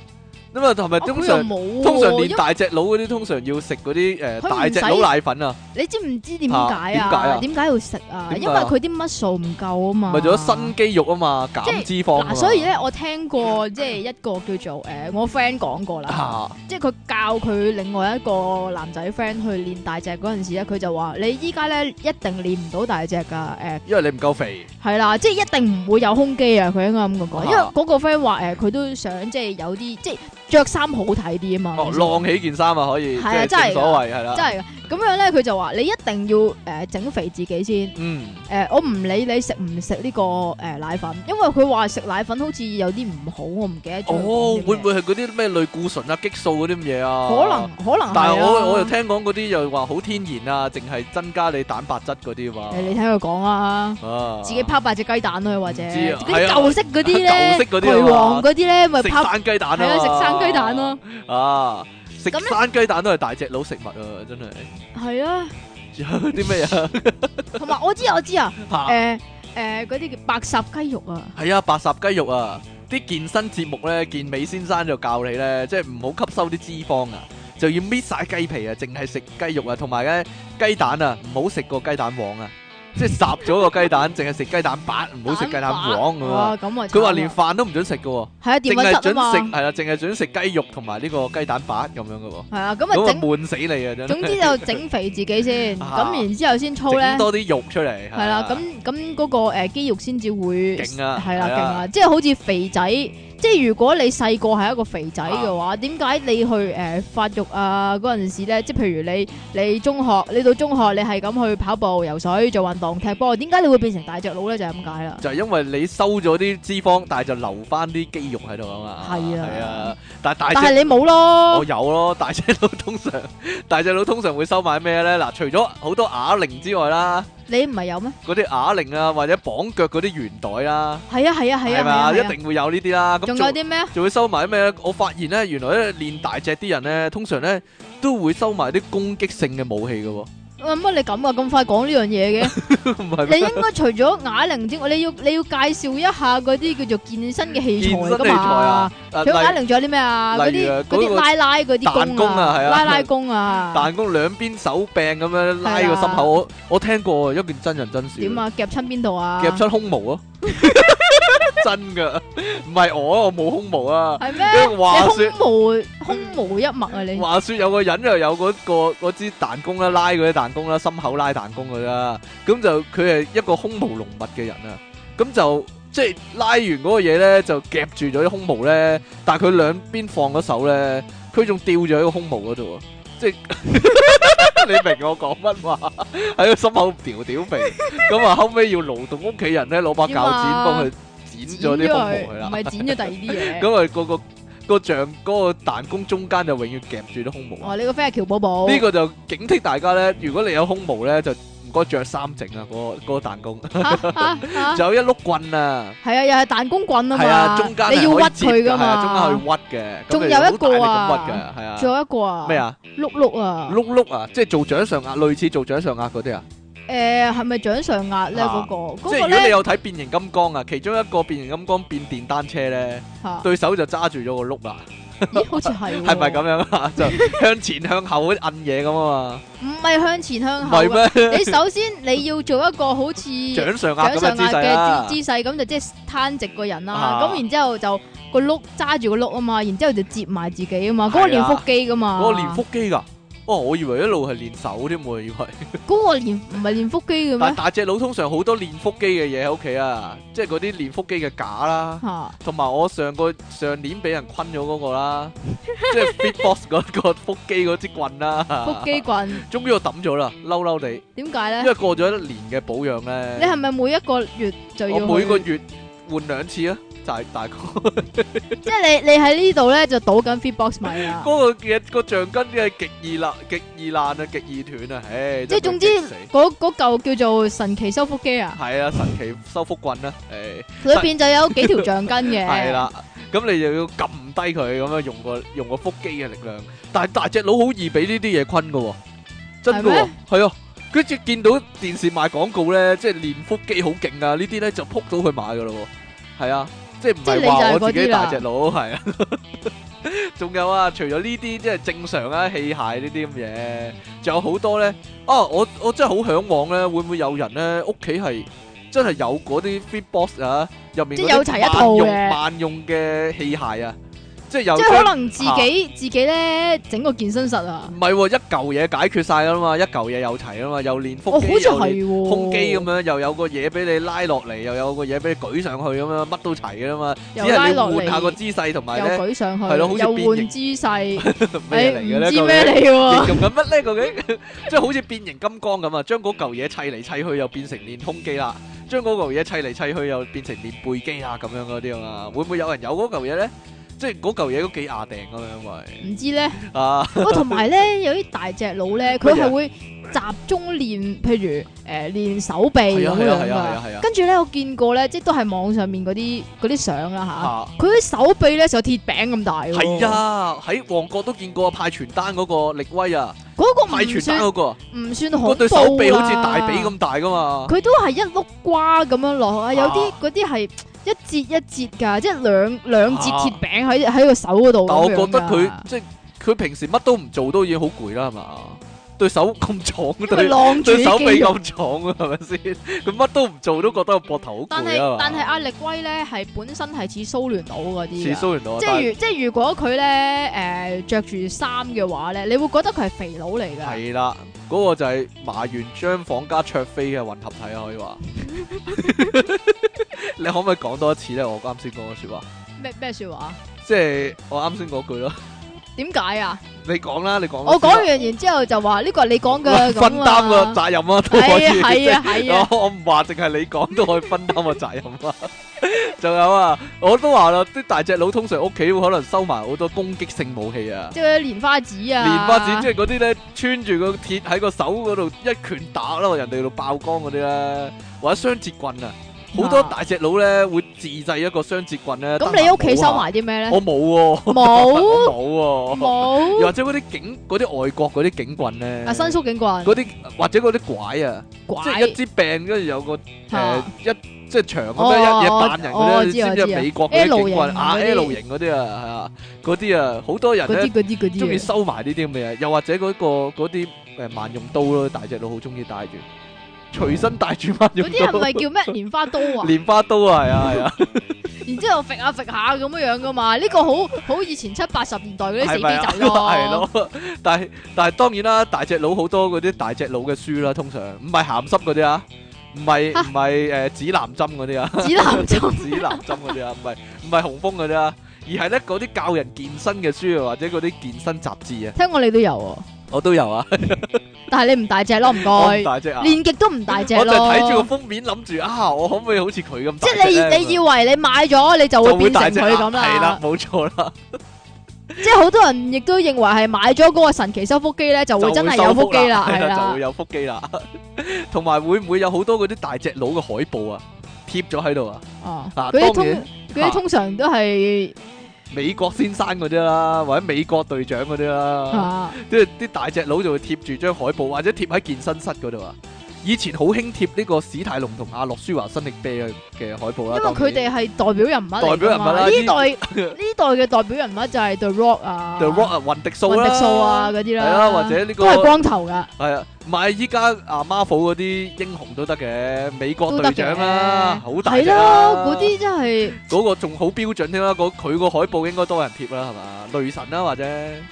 咁啊，同通常，通常練大隻佬嗰啲通常要食嗰啲誒大隻佬奶粉啊！你知唔知點解啊？點解要食啊？因為佢啲 muscle 唔夠啊嘛！咪咗新肌肉啊嘛，減脂肪嗱，所以咧，我聽過即係一個叫做誒，我 friend 講過啦，即係佢教佢另外一個男仔 friend 去練大隻嗰陣時咧，佢就話：你依家咧一定練唔到大隻噶誒，因為你唔夠肥。係啦，即係一定唔會有胸肌啊！佢應該咁講，因為嗰個 friend 話誒，佢都想即係有啲即係。.着衫好睇啲啊嘛，哦、是是晾起件衫啊可以。係啊真係所謂係啦，真係。咁樣咧，佢就話你一定要誒整肥自己先。嗯。誒，我唔理你食唔食呢個誒奶粉，因為佢話食奶粉好似有啲唔好，我唔記得。哦，會唔會係嗰啲咩類固醇啊激素嗰啲咁嘢啊？可能可能。但係我我又聽講嗰啲又話好天然啊，淨係增加你蛋白質嗰啲嘛。你聽佢講啊。自己拋八隻雞蛋咯，或者。啲舊式嗰啲咧。舊式嗰啲。葵黃嗰啲咧，咪拋生雞蛋咯。係啊，食生雞蛋咯。啊。食生雞蛋都係大隻佬食物啊！真係 什麼。係 啊。有啲咩啊？同埋我知啊，我知啊。誒誒，嗰啲叫白霎雞肉啊。係啊，白霎雞肉啊，啲健身節目咧，健美先生就教你咧，即係唔好吸收啲脂肪啊，就要搣晒雞皮啊，淨係食雞肉啊，同埋咧雞蛋啊，唔好食個雞蛋黃啊。 即係烚咗個雞蛋，淨係食雞蛋白，唔好食雞蛋黃嘅喎。佢話連飯都唔准食嘅喎。係啊，點解烚啊？食係啦，淨係準食雞肉同埋呢個雞蛋白咁樣嘅喎。係啊，咁啊整悶死你啊！總之就整肥自己先，咁、 啊、然之後先粗咧。整多啲肉出嚟。係啦、啊，咁咁嗰個誒肌肉先至會勁啊，係啦，勁啊！即係好似肥仔。即係如果你細個係一個肥仔嘅話，點解、啊、你去誒、呃、發育啊嗰陣時咧？即係譬如你你中學你到中學你係咁去跑步、游水、做運動、踢波，點解你會變成大隻佬咧？就係咁解啦。就係因為你收咗啲脂肪，但係就留翻啲肌肉喺度是啊嘛。係啊，係啊，但係但係你冇咯，我、哦、有咯。大隻佬通常 大隻佬通常會收買咩咧？嗱，除咗好多啞鈴之外啦。你唔係有咩？嗰啲啞鈴啊，或者綁腳嗰啲圓袋啦，係啊係啊係啊，係咪一定會有呢啲啦。咁仲有啲咩？仲會收埋咩？我發現咧，原來咧，練大隻啲人咧，通常咧都會收埋啲攻擊性嘅武器嘅哦。乜你咁啊？咁快講呢樣嘢嘅？唔係。你應該除咗啞鈴之外，你要你要介紹一下嗰啲叫做健身嘅器材噶嘛？除咗啞鈴仲有啲咩啊？嗰啲嗰啲拉拉嗰啲彈弓啊，係啊，拉拉弓啊，彈弓兩邊手柄咁樣拉個心口，我我聽過一件真人真事。點啊？夾親邊度啊？夾親胸毛啊。真噶，唔係我，我冇胸毛啊！係咩？你胸毛胸毛一物啊！你話說有個人又有嗰個嗰支彈弓啦，拉嗰啲彈弓啦，心口拉彈弓佢啦。咁就佢係一個胸毛濃密嘅人啊。咁就即係拉完嗰個嘢咧，就夾住咗啲胸毛咧。但係佢兩邊放咗手咧，佢仲吊咗喺個胸毛嗰度啊。即係你明我講乜話？喺個心口吊吊肥，咁啊後尾要勞動屋企人咧攞把鉸剪幫佢，剪咗啲胸毛啦，唔係剪咗第二啲嘢。咁、那、啊、個，那個個個橡嗰個彈弓中間就永遠夾住啲胸毛、啊。哦，你個 friend 喬寶寶。呢個就警惕大家咧，如果你有胸毛咧，就唔該着衫整啊，嗰、那個嗰、那個、彈弓、啊。仲、啊、 有一碌棍啊！係啊，又係彈弓棍啊嘛。啊，中間你要屈佢㗎的嘛、啊。中間可屈嘅。仲有一個啊！仲有一個啊！咩啊？碌碌啊！碌碌啊！即係做掌上壓，類似做掌上壓嗰啲啊！誒，係咪掌上壓咧？嗰個，即係如果你有睇變形金剛啊，其中一個變形金剛變電單車咧，對手就揸住咗個轆啦。咦，好似係，係咪咁樣啊？就向前向後嗰啲摁嘢咁啊？唔係向前向後咩？你首先你要做一個好似掌上壓嘅姿姿勢，咁就即係攤直個人啦。咁然之後就個轆揸住個轆啊嘛，然之後就接埋自己啊嘛。嗰個練腹肌噶嘛？嗰個練腹肌噶。哦，我以為一路係練手添，我以為。咁我練唔係練腹肌嘅咩？但大隻佬通常好多練腹肌嘅嘢喺屋企啊，即係嗰啲練腹肌嘅架啦，同埋我上個上年俾人昆咗嗰個啦，即係 FitBox 嗰個腹肌嗰支棍啦。腹肌棍，終於我抌咗啦，嬲嬲地。點解咧？因為過咗一年嘅保養咧。你係咪每一個月就要？我每個月換兩次啊。就係大哥，即係你你喺呢度咧就倒緊 Fitbox 咪啊？嗰個嘅個橡筋係極易爛，極易爛啊，極易斷啊！唉，即係總之嗰嗰嚿叫做神奇收腹機啊，係啊，神奇收腹棍啦，誒，裏邊就有幾條橡筋嘅，係啦，咁你就要撳低佢，咁樣用個用個腹肌嘅力量，但係大隻佬好易俾呢啲嘢坤噶，真噶，係啊，佢跟住見到電視賣廣告咧，即係練腹肌好勁啊，呢啲咧就撲到去買噶啦，係啊。即係唔係話我自己大隻佬係啊，仲 有啊，除咗呢啲即係正常啊，器械呢啲咁嘢，仲有好多咧。哦，我我真係好向往咧，會唔會有人咧，屋企係真係有嗰啲 Fit Boss 啊，入面有齊一套慢用萬用嘅器械啊？即係可能自己、啊、自己咧整個健身室啊！唔係、啊、一嚿嘢解決晒啊嘛，一嚿嘢又齊啊嘛，又練腹肌，哦、好、哦、又練胸肌咁樣，又有個嘢俾你拉落嚟，又有個嘢俾你舉上去咁樣，乜都齊嘅啦嘛。只係你換下個姿勢同埋咧，係咯、啊，好似換姿勢咩嚟嘅咩咧？練緊乜咧究竟？即係好似變形金剛咁啊！將嗰嚿嘢砌嚟砌去又變成練胸肌啦，將嗰嚿嘢砌嚟砌去又變成練背肌啊咁樣嗰啲啊嘛。會唔會有人有嗰嚿嘢咧？即係嗰嚿嘢都幾亞定咁樣，因為唔知咧，哦，同埋咧有啲大隻佬咧，佢係會集中練，譬如誒練手臂咁樣噶。跟住咧，我見過咧，即都係網上面嗰啲啲相啦嚇。佢啲手臂咧就有鐵餅咁大喎。係呀，喺旺角都見過派傳單嗰個力威啊，派傳單嗰個唔算好恐怖啊，對手臂好似大髀咁大噶嘛。佢都係一碌瓜咁樣落啊，有啲嗰啲係。一截一截㗎，即係兩兩截鐵餅喺喺個手嗰度。但我覺得佢、啊、即係佢平時乜都唔做，都已經好攰啦，係嘛？對手咁重，對手臂咁重壯，係咪先？佢乜都唔做都覺得個膊頭好攰，但係但係壓力龜咧係本身係似蘇聯佬嗰啲，似蘇聯佬。即係即係如果佢咧誒，着住衫嘅話咧，你會覺得佢係肥佬嚟噶？係啦，嗰個就係麻原彰，房加卓飛嘅混合體啊！可以話，你可唔可以講多一次咧？我啱先講嘅說話？咩咩說話？即係我啱先嗰句咯。點解啊？你講啦，你講。我講完然之後就話呢我個係你講嘅， 分擔個了、啊、責任啊。係啊係啊係啊， 我唔話淨係你講 都可以分擔個責任啊。仲 有啊，我都話啦，啲大隻佬通常屋企會可能收埋好多攻擊性武器啊，即係蓮花子啊，蓮花子即係嗰啲咧穿住個鐵喺個手嗰度一拳打咯，人哋度爆缸嗰啲啦，或者雙截棍啊。好多大隻佬咧會自製一個雙截棍咧。咁你屋企收埋啲咩咧？我冇喎，冇，冇，又或者嗰啲警嗰啲外國嗰啲警棍咧。啊，伸縮警棍。嗰啲或者嗰啲拐啊，即係一支柄跟住有個誒一，即係長嗰啲一嘢攤人嗰啲，即係美國嘅警棍啊，L 型嗰啲啊，係啊，嗰啲啊，好多人咧中意收埋呢啲咁嘅嘢，又或者嗰個嗰啲誒萬用刀咯，大隻佬好中意帶住。隨身帶住翻，嗰啲係咪叫咩蓮花刀啊？蓮 花刀啊，係啊，係啊。 然之後揈下揈下咁樣樣噶嘛，呢、這個好好，以前七八十年代嗰啲死機仔咯，係咯。 但係但係當然啦、啊，大隻佬好多嗰啲大隻佬嘅書啦，通常唔係鹹濕嗰啲啊，唔係唔係誒指南針嗰啲啊，指南針指南針嗰啲啊，唔係唔係雄風嗰啲啊，而係咧嗰啲教人健身嘅書啊，或者嗰啲健身雜誌啊。聽過，你都有、啊。我都有啊，但係你唔大隻咯，唔該，練極都唔大隻。我就睇住個封面諗住啊，我可唔可以好似佢咁？即係你你以為你買咗，你就會變成佢咁啦。係啦，冇錯啦。即係好多人亦都認為係買咗嗰個神奇收腹機咧，就會真係有腹肌啦，係啦，就會有腹肌啦。同埋會唔會有好多嗰啲大隻佬嘅海報啊，貼咗喺度啊？哦，嗱，嗰啲通嗰啲通常都係。美國先生嗰啲啦，或者美國隊長嗰啲啦，即係啲大隻佬就會貼住張海報，或者貼喺健身室嗰度啊。以前好興貼呢個史泰龍同阿洛舒華新力啤嘅海報啦、啊，因為佢哋係代表人物，代表人物啦、啊。呢一代呢 代嘅代表人物就係 The Rock 啊 The Rock 啊，雲迪素啦、啊，雲迪素啊嗰啲啦，或者呢、這個都係光頭㗎。係啊，唔係依家阿 Marvel 嗰啲英雄都得嘅，美國隊長啦、啊，好大啦、啊。係咯、啊，嗰啲真係嗰個仲好標準添、啊、啦。佢、那個海報應該多人貼啦、啊，係嘛？雷神啦、啊，或者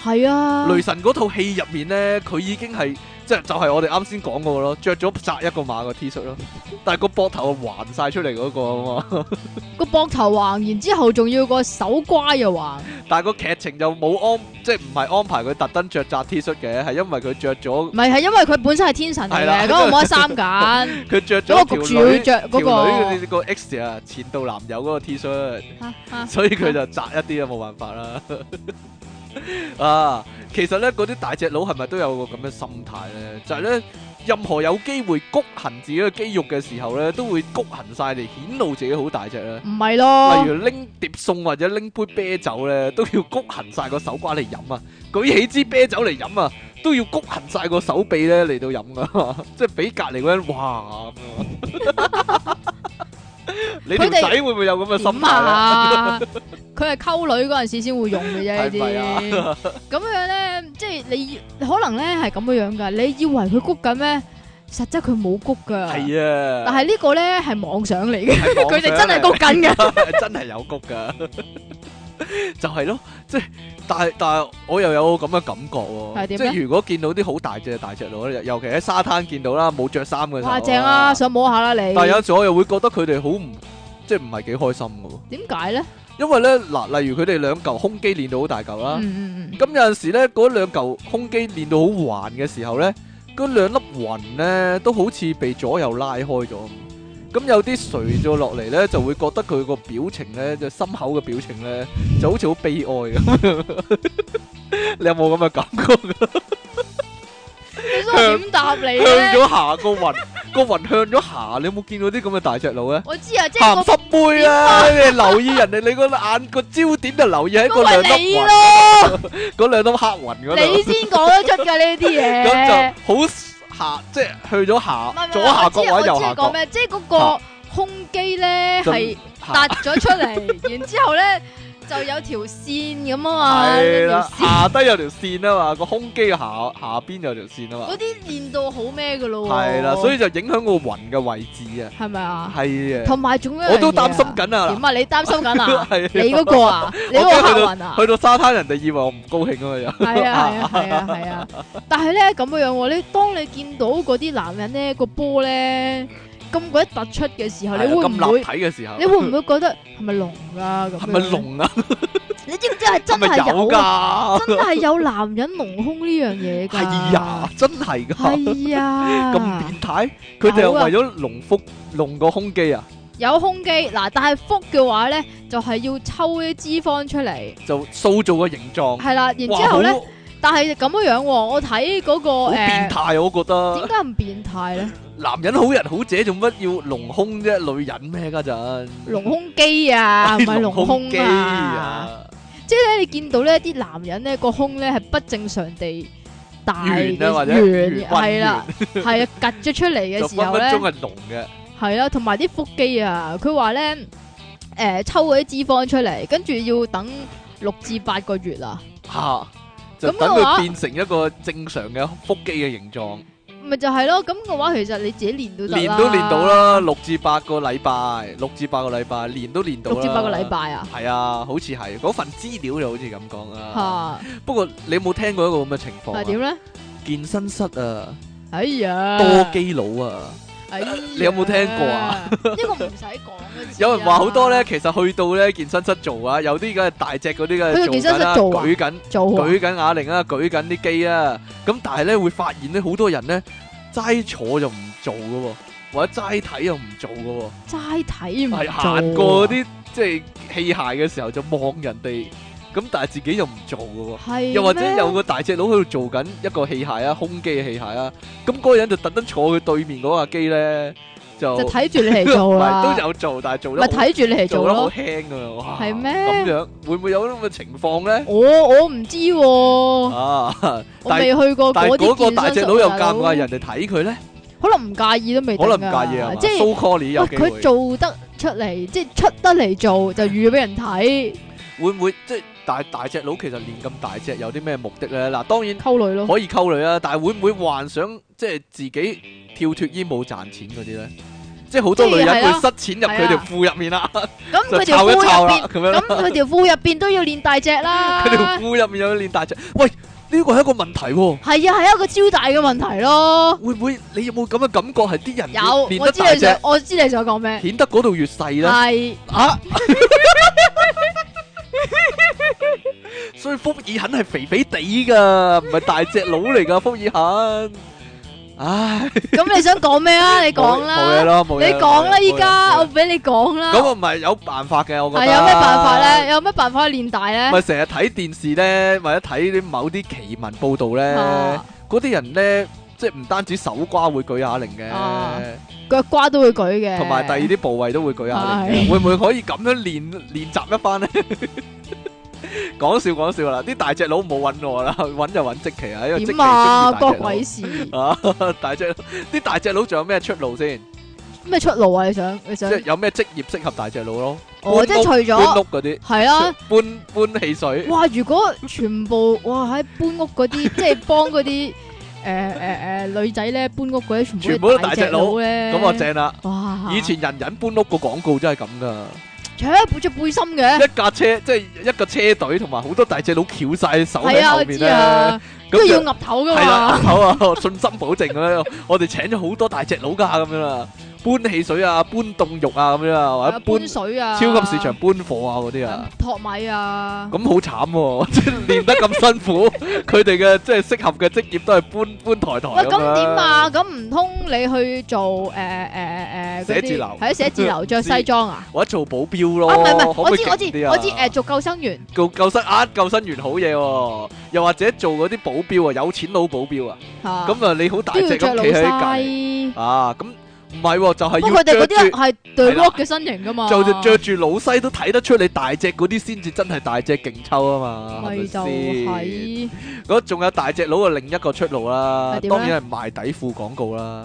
係啊，雷神嗰套戲入面咧，佢已經係。即係就係我哋啱先講嗰個咯，着咗窄一個碼嘅 T 恤咯，但係，個膊頭橫晒出嚟嗰個啊嘛，個膊頭橫完之後，仲要個手瓜又橫，但係個劇情又冇安，即係唔係安排佢特登着窄 T 恤嘅，係因為佢着咗，唔係係因為佢本身係天神嚟嘅，咁冇得衫揀，佢着咗條女着嗰、 嗰個個 X 啊前度男友嗰個 T 恤，啊啊、所以佢就窄一啲啊，冇辦法啦。 啊，其實咧嗰啲大隻佬係咪都有個咁嘅心態咧？就係、是、咧，任何有機會谷行自己嘅肌肉嘅時候咧，都會谷行晒嚟，顯露自己好大隻啦。唔係咯，例如拎碟餸或者拎杯啤酒咧，都要谷行晒個手瓜嚟飲啊。舉起支啤酒嚟飲啊，都要谷行晒個手臂咧嚟到飲啊， 即係畀隔籬嗰人哇。 你啲仔會唔會有咁嘅心態啊？佢係溝女嗰陣時先會用嘅啫，呢啲？咁樣咧，即係你可能咧係咁嘅樣噶，你以為佢谷緊咩？實質佢冇谷噶，係啊。但係呢個咧係妄想嚟嘅，佢哋真係谷緊噶，真係有谷噶，就係咯，即係。但係，但係我又有咁嘅感覺喎，即係如果見到啲好大隻嘅大隻佬，尤其喺沙灘見到啦，冇著衫嘅時候，正啊，想摸下啦你。但係有時我又會覺得佢哋好唔即係唔係幾開心嘅喎。點解咧？因為咧嗱，例如佢哋兩嚿胸肌練到好大嚿啦，咁有陣時咧嗰兩嚿胸肌練到好橫嘅時候咧，嗰兩粒暈咧都好似被左右拉開咗。咁有啲垂咗落嚟咧，就會覺得佢個表情咧，就心口嘅表情咧，就好似好悲哀咁樣。你有冇咁嘅感覺？你想點答你咧？向咗下個雲，個雲向咗下。你有冇見到啲咁嘅大隻佬咧？我知啊，即係個黑妹啦。你留意人哋你個眼個焦點就留意喺個兩粒雲、嗰兩粒黑雲嗰度。你先講得出㗎呢啲嘢。咁就好。即係去咗下，左下角我知，右下角講咩？即係嗰個胸肌咧係凸咗出嚟， 然之後咧。就有條線咁啊嘛，下低有條線啊嘛，個胸肌下下邊有條線啊嘛，嗰啲練到好咩噶咯，係啦，所以就影響個雲嘅位置啊，係咪啊？係啊，同埋仲有我都擔心緊啊，點啊？你擔心緊啊？係你嗰個啊？你今日去到去到沙灘，人哋以為我唔高興啊嘛又，係啊係啊係啊係啊，但係咧咁嘅樣你當你見到嗰啲男人咧個波咧。咁鬼突出嘅時候，對你會唔會？時候你會唔會覺得係咪隆啦？係咪隆啊？係咪隆啊？ 你知唔知係 真係有？真係有男人隆胸呢樣嘢噶？係呀、啊，真係噶。係呀，咁變態，佢哋係為咗隆腹隆個胸肌啊？ 有胸、啊、肌嗱，但係腹嘅話咧，就係、是、要抽啲脂肪出嚟，就塑造個形狀。係啦，然之後咧。但係咁樣樣，我睇嗰個誒，變態我覺得點解唔變態咧？男人好人好姐，做乜要隆胸啫？女人咩噶陣？隆胸肌啊，唔係隆胸啊！即係咧，你見到咧啲男人咧個胸咧係不正常地大圓啊，或者圓係啦，係啊，凸咗出嚟嘅時候咧，即係隆嘅係啦，同埋啲腹肌啊，佢話咧誒抽嗰啲脂肪出嚟，跟住要等六至八個月啦吓。咁，等佢變成一個正常嘅腹肌嘅形狀，咪就係咯。咁嘅話，話其實你自己練都得練都練到啦，六至八個禮拜，六至八個禮拜練都練到六至八個禮拜啊，係啊，好似係嗰份資料就好似咁講啊。不過你有冇聽過一個咁嘅情況啊？點咧？健身室啊！哎呀，多基佬啊！哎、你有冇聽過啊？呢 個唔使講有人話好多咧，其實去到咧健身室做啊，有啲梗係大隻嗰啲嘅做啦、啊，舉緊做，舉緊啞鈴啊，舉緊啲機啊。咁但係咧會發現咧，好多人咧齋坐就唔做嘅、啊，或者齋睇又唔做嘅、啊。齋睇唔係行過啲即係器械嘅時候就望人哋。咁但係自己又唔做嘅喎，又或者有個大隻佬喺度做緊一個器械啊，胸肌嘅器械啊，咁嗰個人就特登坐佢對面嗰架機咧，就就睇住你嚟做啦。都有做，但係做得咪睇住你嚟做咯，好輕嘅。係咩？咁樣會唔會有咁嘅情況咧？我我唔知。啊，我未去過嗰啲健身中心啊。但係嗰個大隻佬又介唔介意人哋睇佢咧？可能唔介意都未。可能唔介意啊，即係因為佢做得出嚟，即係出得嚟做就預俾人睇，會唔會即係？但大隻佬其實練咁大隻有啲咩目的咧？嗱，當然溝女囉，可以溝女啊，但係會唔會幻想即係自己跳脫衣舞賺錢嗰啲咧？即係好多女人會塞錢入佢條褲入面啦，咁佢、啊、 一摺入咁咁佢條褲入邊樣都要練大隻啦。佢條 褲入面又要練大隻。喂，呢個係一個問題喎。係啊，係、啊、一個超大嘅問題咯、啊。會唔會你有冇咁嘅感覺係啲人有練得大隻？我知你想講咩？我知你想顯得嗰度越細啦。係是。啊！ 福爾肯係肥肥地噶，唔係大隻佬嚟噶福爾肯。唉，咁你想講咩啊？你講啦，冇嘢啦，冇嘢。你講啦，依家我俾你講啦。咁我，唔係有辦法嘅，我係有咩辦法咧？有咩辦法去練大咧？唔係成日睇電視咧，或者睇啲某啲奇聞報道咧，嗰啲人咧，即係唔單止手瓜會舉啞鈴嘅，腳瓜都會舉嘅，同埋第二啲部位都會舉啞鈴。會唔會可以咁樣練練習一番咧？講笑講笑啦，啲大隻佬冇揾我啦，揾就揾積淇啊，因為積淇中意大隻。點啊，個鬼事啊！大隻，啲大隻佬仲有咩出路先？咩出路啊？你想，你想？即係有咩職業適合大隻佬咯？哦，即係除咗搬屋嗰啲，係啊，搬搬汽水。哇！如果全部哇喺搬屋嗰啲，即係幫嗰啲誒誒誒女仔咧搬屋嗰啲，全部都大隻佬咧。咁啊正啦！哇！以前人人搬屋個廣告真係咁噶。背住、欸、背心嘅，一架車即係一個車隊，同埋好多大隻佬翹晒手喺後面咧，啊啊、都要岌頭噶嘛，岌頭啊，啊啊 信心保證啊， 我哋請咗好多大隻佬噶咁樣啊。搬汽水啊，搬凍肉啊，咁樣啊，或者搬水啊，超級市場搬貨啊，嗰啲啊，托米啊，咁好慘，即係練得咁辛苦，佢哋嘅即係適合嘅職業都係搬搬抬抬咁樣。喂，咁點啊？咁唔通你去做誒誒誒寫字樓？係啊，寫字樓着西裝啊？或者做保鏢咯？啊，唔係唔係，我知我知，我知誒，做救生員。救救生啊，救生員好嘢，又或者做嗰啲保鏢啊，有錢佬保鏢啊，咁啊你好大隻，企喺隔啊咁。唔係喎，就係要。不過佢哋嗰啲人係 The Rock 嘅身形噶嘛，就著住老西都睇得出你大隻嗰啲先至真係大隻勁抽啊嘛，係就係。嗰仲有大隻佬嘅另一個出路啦，當然係賣底褲廣告啦，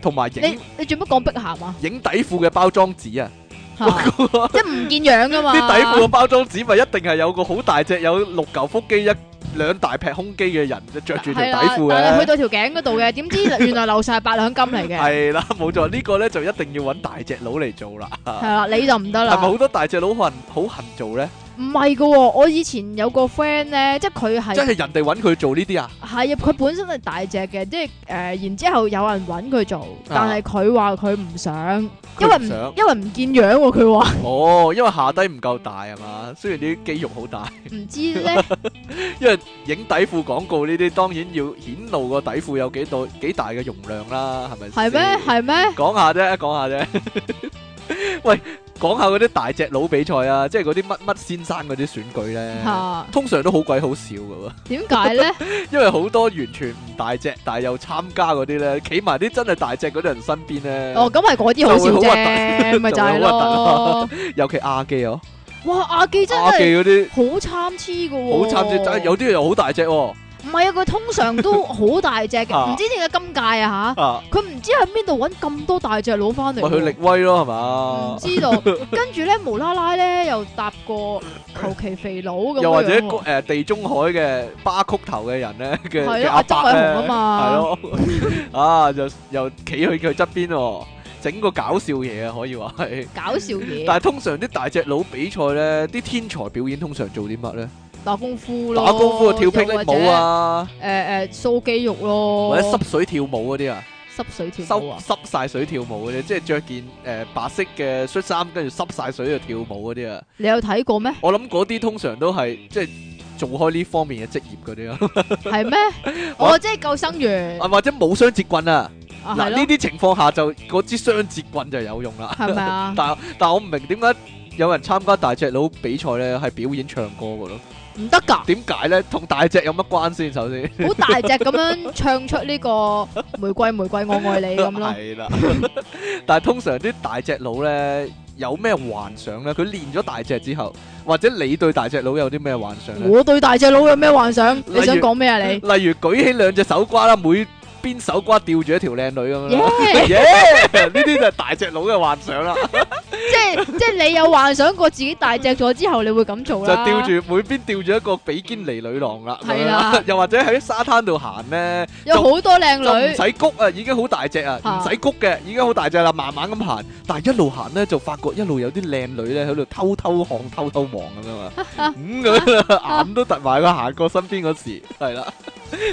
同埋影。你你做乜講碧咸啊？影底褲嘅包裝紙啊，即係唔見樣噶嘛。啲底褲嘅包裝紙咪一定係有個好大隻，有六嚿腹肌一、兩大劈胸肌嘅人啦，着住條底褲嘅，但係去到條頸嗰度嘅，點知 原來流晒八兩金嚟嘅。係啦，冇錯，呢、呢個咧就一定要揾大隻佬嚟做啦。係啦，你就唔得啦。係咪好多大隻佬可能好恨做咧？唔係噶，我以前有個 friend 咧，即係佢係，即係人哋搵佢做呢啲啊。係啊，佢本身係大隻嘅，即係誒，然之後有人搵佢做，但係佢話佢唔想，啊，唔想，因，因為因為唔見樣啊，佢話。哦，因為下低唔夠大啊嘛，雖然啲肌肉好大。唔知咧， 因為影底褲廣告呢啲，當然要顯露個底褲有幾多幾大嘅容量啦，係咪嗎？係咩？係咩？講下啫，講下啫。 喂。講下嗰啲大隻佬比賽啊，即係嗰啲乜乜先生嗰啲選舉咧，啊、通常都好鬼好笑嘅喎，啊。點解咧？因為好多完全唔大隻，但係又參加嗰啲咧，企埋啲真係大隻嗰啲人身邊咧。哦，咁係嗰啲好笑啫，好核突，咪就係咯。 尤其阿基哦，哇，阿基真係阿基嗰啲好參差嘅喎，好參差，嗯、有啲又好大隻，啊。唔係啊，佢通常都好大隻嘅，唔知點解今屆啊嚇，佢唔知喺邊度揾咁多大隻佬翻嚟。咪佢力威咯，係嘛？唔知道跟住咧，無啦啦咧又搭過求其肥佬咁。又或者誒地中海嘅巴曲頭嘅人咧嘅阿周偉雄啊嘛，係咯，啊就又企去佢側邊，整個搞笑嘢啊，可以話係搞笑嘢。但係通常啲大隻佬比賽咧，啲天才表演通常做啲乜咧？打功夫咯，打功夫啊！跳霹靂舞啊！誒誒，掃肌肉咯，或者濕水跳舞嗰啲啊，濕水跳，濕濕晒水跳舞嗰啲，即係着件誒白色嘅恤衫，跟住濕晒水就跳舞嗰啲啊！你有睇過咩？我諗嗰啲通常都係即係做開呢方面嘅職業嗰啲咯，係咩？我，即係救生員，或者冇雙節棍啊！嗱，呢啲情況下就嗰支雙節棍就有用啦，係咪啊？但但我唔明點解有人參加大隻佬比賽咧，係表演唱歌噶咯？唔得噶，點解呢？同大隻有乜關先？首先，好大隻咁樣唱出呢個玫瑰玫瑰我愛你咁咯。係啦，但係通常啲大隻佬呢，有咩幻想呢？佢練咗大隻之後，或者你對大隻佬有啲咩幻想呢？我對大隻佬有咩幻想？你想講咩啊？你例如舉起兩隻手瓜啦，每。邊手瓜吊住一條靚女咁樣，呢啲就係大隻佬嘅幻想啦。即係即係你有幻想過自己大隻咗之後你會咁做咧？就吊住每邊吊住一個比堅尼女郎啦。係啦，又或者喺沙灘度行咧，有好多靚女，唔使谷啊，已經好大隻啊，唔使谷嘅，已經好大隻啦，慢慢咁行。但係一路行咧，就發覺一路有啲靚女咧喺度偷偷看、偷偷望咁樣嘛，咁嘅眼都突埋啦。行過身邊嗰時，係啦，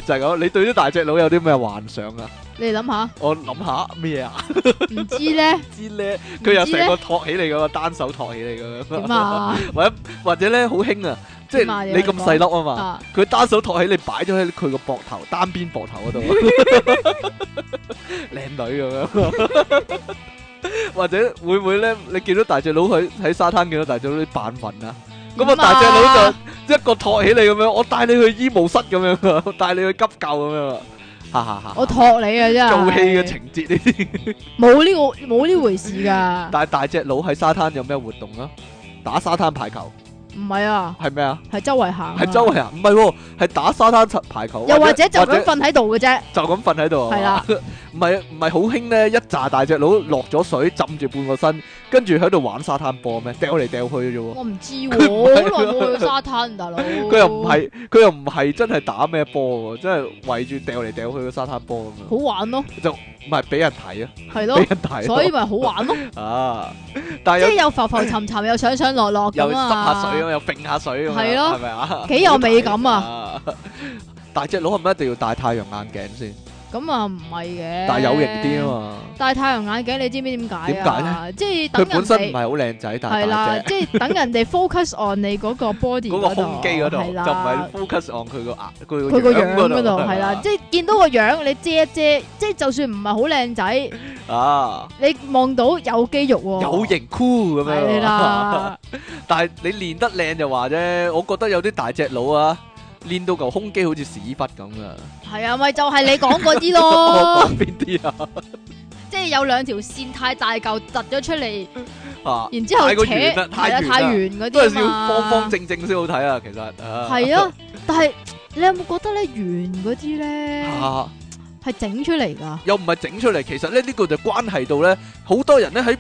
就係咁。你對啲大隻佬有啲咩幻想？上啊！你諗下，我諗下咩啊？唔知咧， 知咧，佢又成個托起你噶嘛？單手托起你噶嘛、啊？ 或者或者咧，好輕啊！即係、啊、你咁細粒啊嘛？佢、啊、單手托起你，擺咗喺佢個膊頭，單邊膊頭嗰度，靚 女咁樣。或者會唔會咧？你見到大隻佬佢喺沙灘見到大隻佬啲扮暈啊？咁啊，大隻佬就一個托起你咁樣，我帶你去醫務室咁樣啊，帶你，你去急救咁樣啊。哈，哈哈哈！我托你㗎，啫，做戲嘅情節呢啲，冇呢、 呢個冇呢回事噶。 但係大隻佬喺沙灘有咩活動啊？打沙灘排球？唔係啊？係咩啊？係周圍行？係周圍啊？唔係喎，係打沙灘排球。又或者就咁瞓喺度嘅啫？就咁瞓喺度？係啦、啊。 唔係唔係好興咧？一紮大隻佬落咗水，浸住半個身，跟住喺度玩沙灘波咩？掉嚟掉去嘅啫，我唔知喎、啊。好耐冇去沙灘大佬，佢又唔係佢又唔係真係打咩波，真係圍住掉嚟掉去嘅沙灘波咁樣。好玩咯，就唔係俾人睇 咯，係咯，俾人睇，所以咪好玩咯。 啊！但係即係又浮浮沉沉，又上上落落咁、啊、又濕下水咁，又揈下水咁，係 咯？係咪啊？幾有美感啊！ 大隻佬係咪一定要戴太陽眼鏡先？咁啊，唔係嘅。但係有型啲啊嘛。戴太陽眼鏡，你知唔知點解啊？點解咧？即係佢本身唔係好靚仔，但係大隻。係啦，即係等人哋 focus on 你嗰個 body 嗰度。嗰個胸肌嗰度。係啦。就唔係 focus on 佢個牙，佢個。佢個樣嗰度。係啦，即係見到個樣，你遮一遮，即係就算唔係好靚仔。啊！你望到有肌肉喎。有型 cool 咁樣。係啦。但係你練得靚就話啫，我覺得有啲大隻佬啊。練到嚿胸肌好似屎筆咁 啊！係啊，咪就係你講嗰啲咯。我講邊啲啊？即係有兩條線太大嚿凸咗出嚟，啊，然之後係啊，太圓嗰啲啊嘛，對都方方正正先好睇啊，其實係啊， 啊。但係你有冇覺得咧圓嗰啲咧，係整、啊、出嚟噶？又唔係整出嚟，其實咧呢、呢個就關係到咧，好多人咧喺。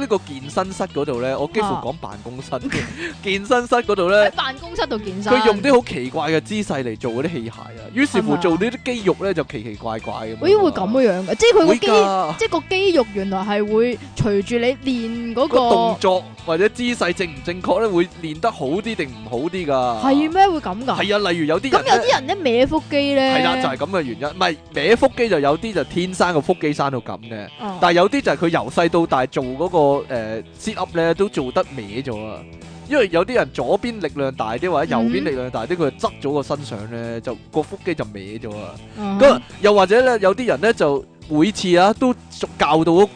呢個健身室嗰度咧，我幾乎講辦公室。啊、 健身室嗰度咧，喺辦公室度健身。佢用啲好奇怪嘅姿勢嚟做嗰啲器械啊，於是乎做呢啲肌肉咧就奇奇怪怪嘅。我會咁嘅樣嘅、啊，即係佢個肌，會的即係個肌肉原來係會隨住你練嗰、嗰個、個動作或者姿勢正唔正確咧，會練得好啲定唔好啲㗎？係咩？會咁㗎？係啊，例如有啲咁有啲人咧，歪腹肌咧，係啦、啊，就係咁嘅原因。唔係歪腹肌，就有啲就天生個腹肌生到咁嘅，啊、但係有啲就係佢由細到大做嗰、嗰個。個誒 sit、呃、up 咧都做得歪咗啊！因為有啲人左邊力量大啲或者右邊力量大啲，佢、嗯、就側咗個身上咧就個腹肌就歪咗啊！咁、嗯、又或者咧有啲人咧就每次啊都教到嗰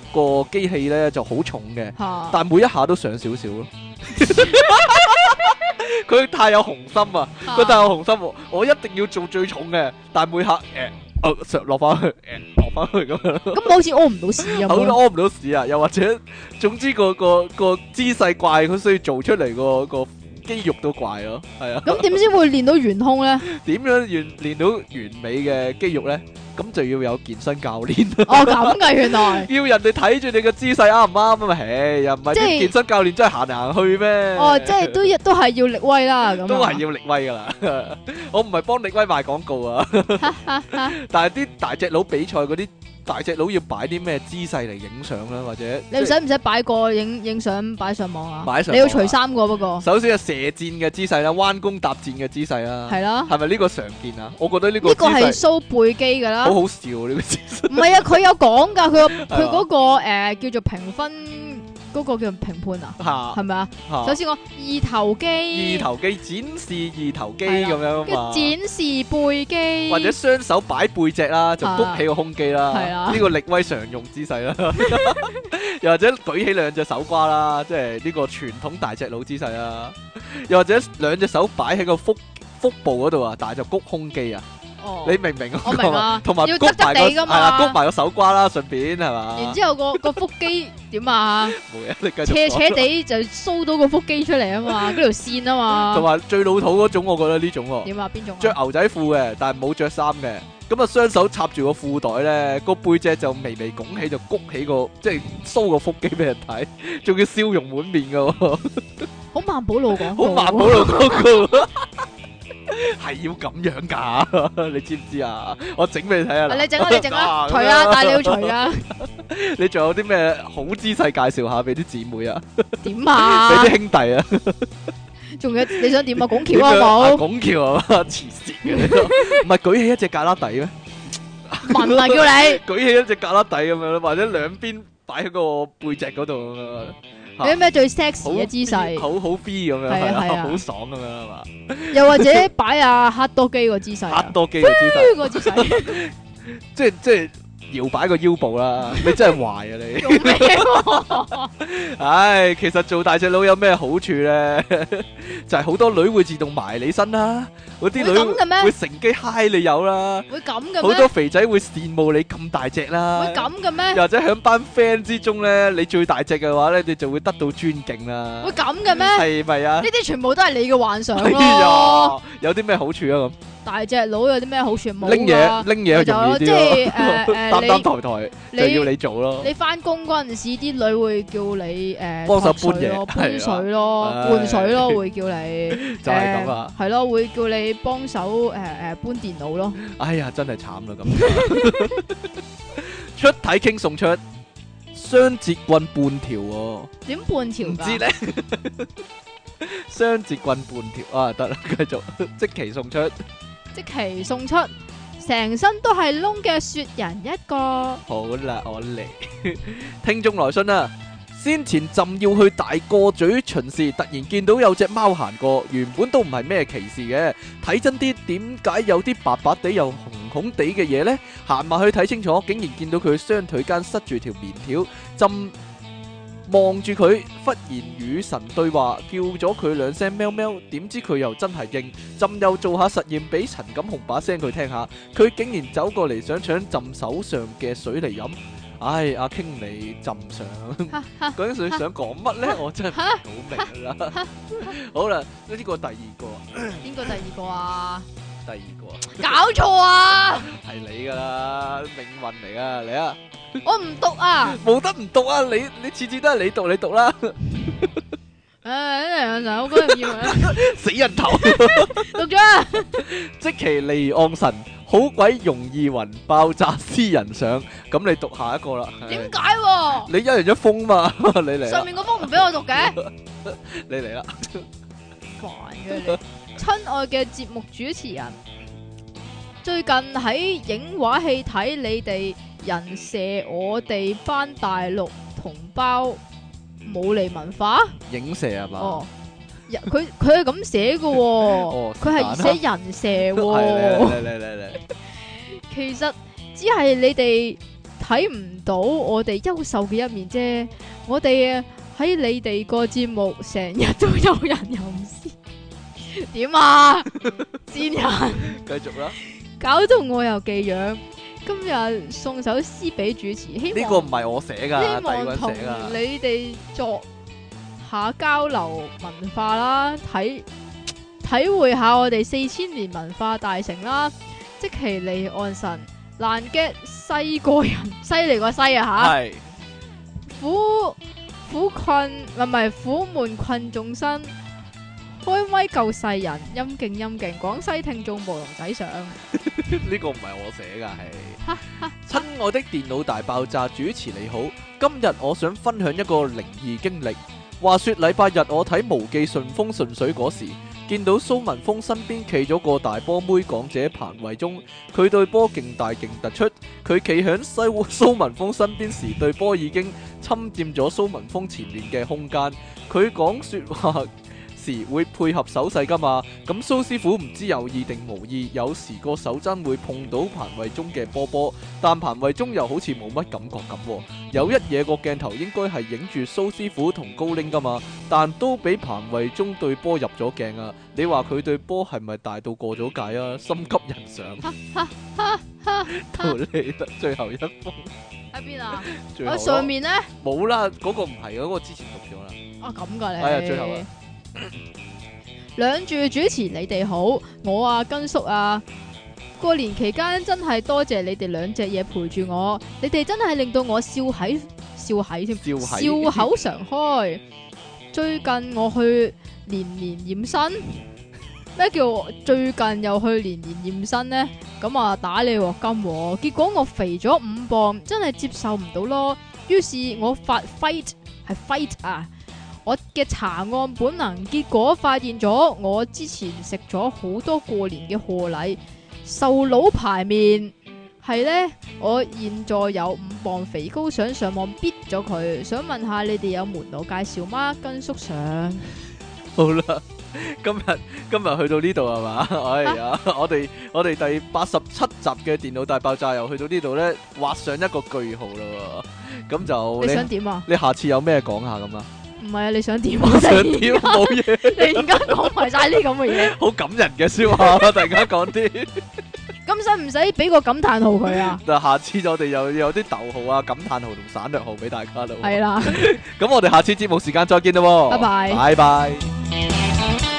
個機器咧就好重嘅，哈但係每一下都上少少咯。佢太有雄心啊！佢太有雄心，哈我一定要做最重嘅，但係每下誒。呃哦，上落翻去，落翻去咁樣，咁好似屙唔到屎咁好啦，屙唔到屎啊，又或者，總之、個個個姿勢怪，佢需要做出嚟個個。肌肉都怪咯，係啊，咁點先會練到圓胸咧？點 樣完練到完美嘅肌肉咧？咁就要有健身教練。哦咁嘅原來。 要人哋睇住你嘅姿勢啱唔啱啊？嘛，唉，又唔係啲健身教練真係行嚟行去咩？哦，即係都都係要力威啦，咁 都係要力威噶啦。 我唔係幫力威賣廣告啊， 但係啲大隻佬比賽嗰啲。大隻佬要擺啲咩姿勢嚟影相啦？或者你唔使唔使擺個影影相擺上網啊？擺上網你要除三個不過。首先係射箭嘅姿勢啦，彎弓搭箭嘅姿勢、啊、對啦。係咯。係咪呢個常見啊？我覺得呢個呢個係 show 背肌㗎啦。好好笑呢個姿勢。唔係啊，佢、這個啊、有講㗎，佢佢嗰個、 呃、叫做評分。嗰個叫評判啊，係咪啊？吧哈首先我二頭肌，二頭肌展示二頭肌咁啦樣，展示背肌，或者雙手擺背脊啦，就谷起個胸肌啦，呢啦個力威常用姿勢啦 又或者舉起兩隻手瓜啦，即係呢個傳統大隻佬姿勢啦， 又或者兩隻手擺喺個腹腹部嗰度啊，但係就谷胸肌啊。你明唔明啊？我明啊，同埋要屈埋個係啦，谷埋個手瓜啦，順便係嘛？然之後個個腹肌點啊？斜斜地就 show 到個腹肌出嚟啊嘛，嗰條線啊嘛。同埋最老土嗰種，我覺得呢種點啊？邊種？着牛仔褲嘅，但係冇着衫嘅。咁啊，雙手插住個褲袋咧，個背脊就微微拱起，就谷起個即係 show 個腹肌俾人睇，仲要笑容滿面噶。好萬寶路廣告。好萬寶路廣告。係 要咁樣噶， 你知唔知啊？我整俾你睇下。你整啊！你整啊！除啊！帶你除啊！你仲有啲咩好姿勢介紹下俾啲姊妹啊？點啊？俾啲兄弟啊？仲有你想點啊？拱橋啊冇？拱橋啊，黐線嘅，唔係舉起一隻架拉底咩？文 文叫你 舉起一隻架拉底咁樣，或者兩邊擺喺個背脊嗰度。有咩最 sexy 嘅姿勢？好好 B 咁樣，係啊，啊好爽咁樣係嘛？又或者擺下、啊、 黑多機個姿勢、啊，黑多機個姿勢，個姿勢最最。最搖擺個腰部啦， 你真係壞啊你！唉、 哎，其實做大隻佬有咩好處咧？ 就係好多女會自動埋你身啦，嗰啲女會咁嘅咩？會乘機 high 你有啦，會咁嘅咩？好多肥仔會羨慕你咁大隻啦，會咁嘅咩？又或者喺班 friend 之中咧，你最大隻嘅話咧，你就會得到尊敬啦，會咁嘅咩？係咪啊？呢啲全部都係你嘅幻想咯。 有啲咩好處啊咁？大隻佬有啲咩好處冇啦？拎嘢拎嘢就呢啲，擔擔抬抬就要你做咯。你翻工嗰陣時，啲女會叫你誒幫手搬嘢、搬水咯、換水咯，會叫你就係咁啊。係咯，會叫你幫手誒誒搬電腦咯。哎呀，真係慘啦咁。出體 King 送出雙截棍半條喎，點半條唔知咧。雙截棍半條啊，得啦，繼續積淇送出。即期送出，成身都係窿嘅雪人一個。好啦，我嚟。聽眾來信啊，先前朕要去大個嘴巡視，突然見到有隻貓行過，原本都唔係咩歧視嘅，睇真啲，點解有啲白白地又紅紅地嘅嘢呢？行埋去睇清楚，竟然見到佢雙腿間塞住條棉條，朕。望住佢，忽然與神對話，叫咗佢兩聲喵喵，點知佢又真係應？朕又做下實驗，俾陳錦雄把聲佢聽下，佢竟然走過嚟想搶朕手上嘅水嚟飲，唉！阿傾你朕 想究竟時想講乜呢？我真係唔 好明啦。好啦，呢個第二個，邊 個第二個啊？第二個搞錯啊！係你噶啦，命運嚟噶嚟啊！我唔讀啊，冇得唔讀啊！你你次次都係你讀，你讀啦！唉，有人手嗰樣嘢啊！死人頭，讀咗，積淇離岸神，好鬼容易云爆炸，私人相，咁你讀下一個啦。點解？你一人一封嘛，你嚟。上面嗰封唔俾我讀嘅，你嚟啦。煩嘅你。親愛嘅節目主持人，最近喺影畫戲睇你哋人射我哋班大陸同胞，冇離文化影射係嘛？哦，佢佢係咁寫嘅，哦，佢係寫人射，嚟嚟嚟嚟嚟，其實只係你哋睇唔到我哋優秀嘅一面啫。我哋喺你哋個節目成日都有人有。點啊！賤 賤人繼，繼續啦！搞到我又寄養，今日送首詩俾主持，希望呢個唔係我寫噶，希望同你哋作下交流文化啦，體體會下我哋四千年文化大成啦。積淇離岸神難 get 西個人，犀利過西啊吓！虎虎是困唔係虎門困眾生。開威救世人，音勁音勁，廣西聽眾無龍仔上。呢個唔係我寫㗎，係親愛的電腦大爆炸主持你好，今日我想分享一個靈異經歷。話說禮拜日我睇《無記順風順水》嗰時，見到蘇文峰身邊企咗個大波妹講者彭慧中，佢對波勁大勁突出。佢企響西蘇文峰身邊時，對波已經侵占咗蘇文峰前面嘅空間。佢講說話。會配合手勢噶嘛？咁蘇師傅唔知有意定無意，有時個手踭會碰到彭慧中嘅波波，但彭慧中又好似冇乜感覺咁。有一嘢個鏡頭應該係影住蘇師傅同高拎噶嘛，但都俾彭慧中對波入咗鏡啊！你話佢對波係咪大到過咗界啊？心急人想，哈哈哈！到你得最後一封喺邊啊？喺上面呢？冇啦，嗰、那個唔係嗰個，之前讀咗啦。哦、啊，咁噶？你係啊，最後啊。兩住主持，你哋好，我啊，根叔啊，過年期間真係多謝你哋兩隻嘢陪住我，你哋真係令到我笑喺笑喺笑，笑口常開。最近我去年年驗身，咩叫最近又去年年驗身呢？咁啊打你鑊金，結果我肥咗五磅，真係接受唔到咯。於是我發 fight 係 fight 啊！我嘅查案本能，結果發現咗，我之前食咗好多過年嘅賀禮，受佬排面係呢，我現在有五磅肥膏，想上網逼咗佢，想問下你哋有門路介紹嗎？根叔上好啦，今日今日去到呢度係嘛？哎呀、啊， 我哋我哋第八十七集嘅電腦大爆炸又去到呢度呢，畫上一個句號啦。咁就你，你想點啊？你下次有咩講下咁啊？唔係啊！你想點啊？我想點冇嘢。突然間講埋晒呢咁嘅嘢，好感人嘅説話啊！大家講啲，咁使唔使俾個感嘆號佢啊？嗱，下次我哋又有啲逗號啊、感嘆號同省略號俾大家對啦。係啦。咁我哋下次節目時間再見啦。拜拜。拜拜。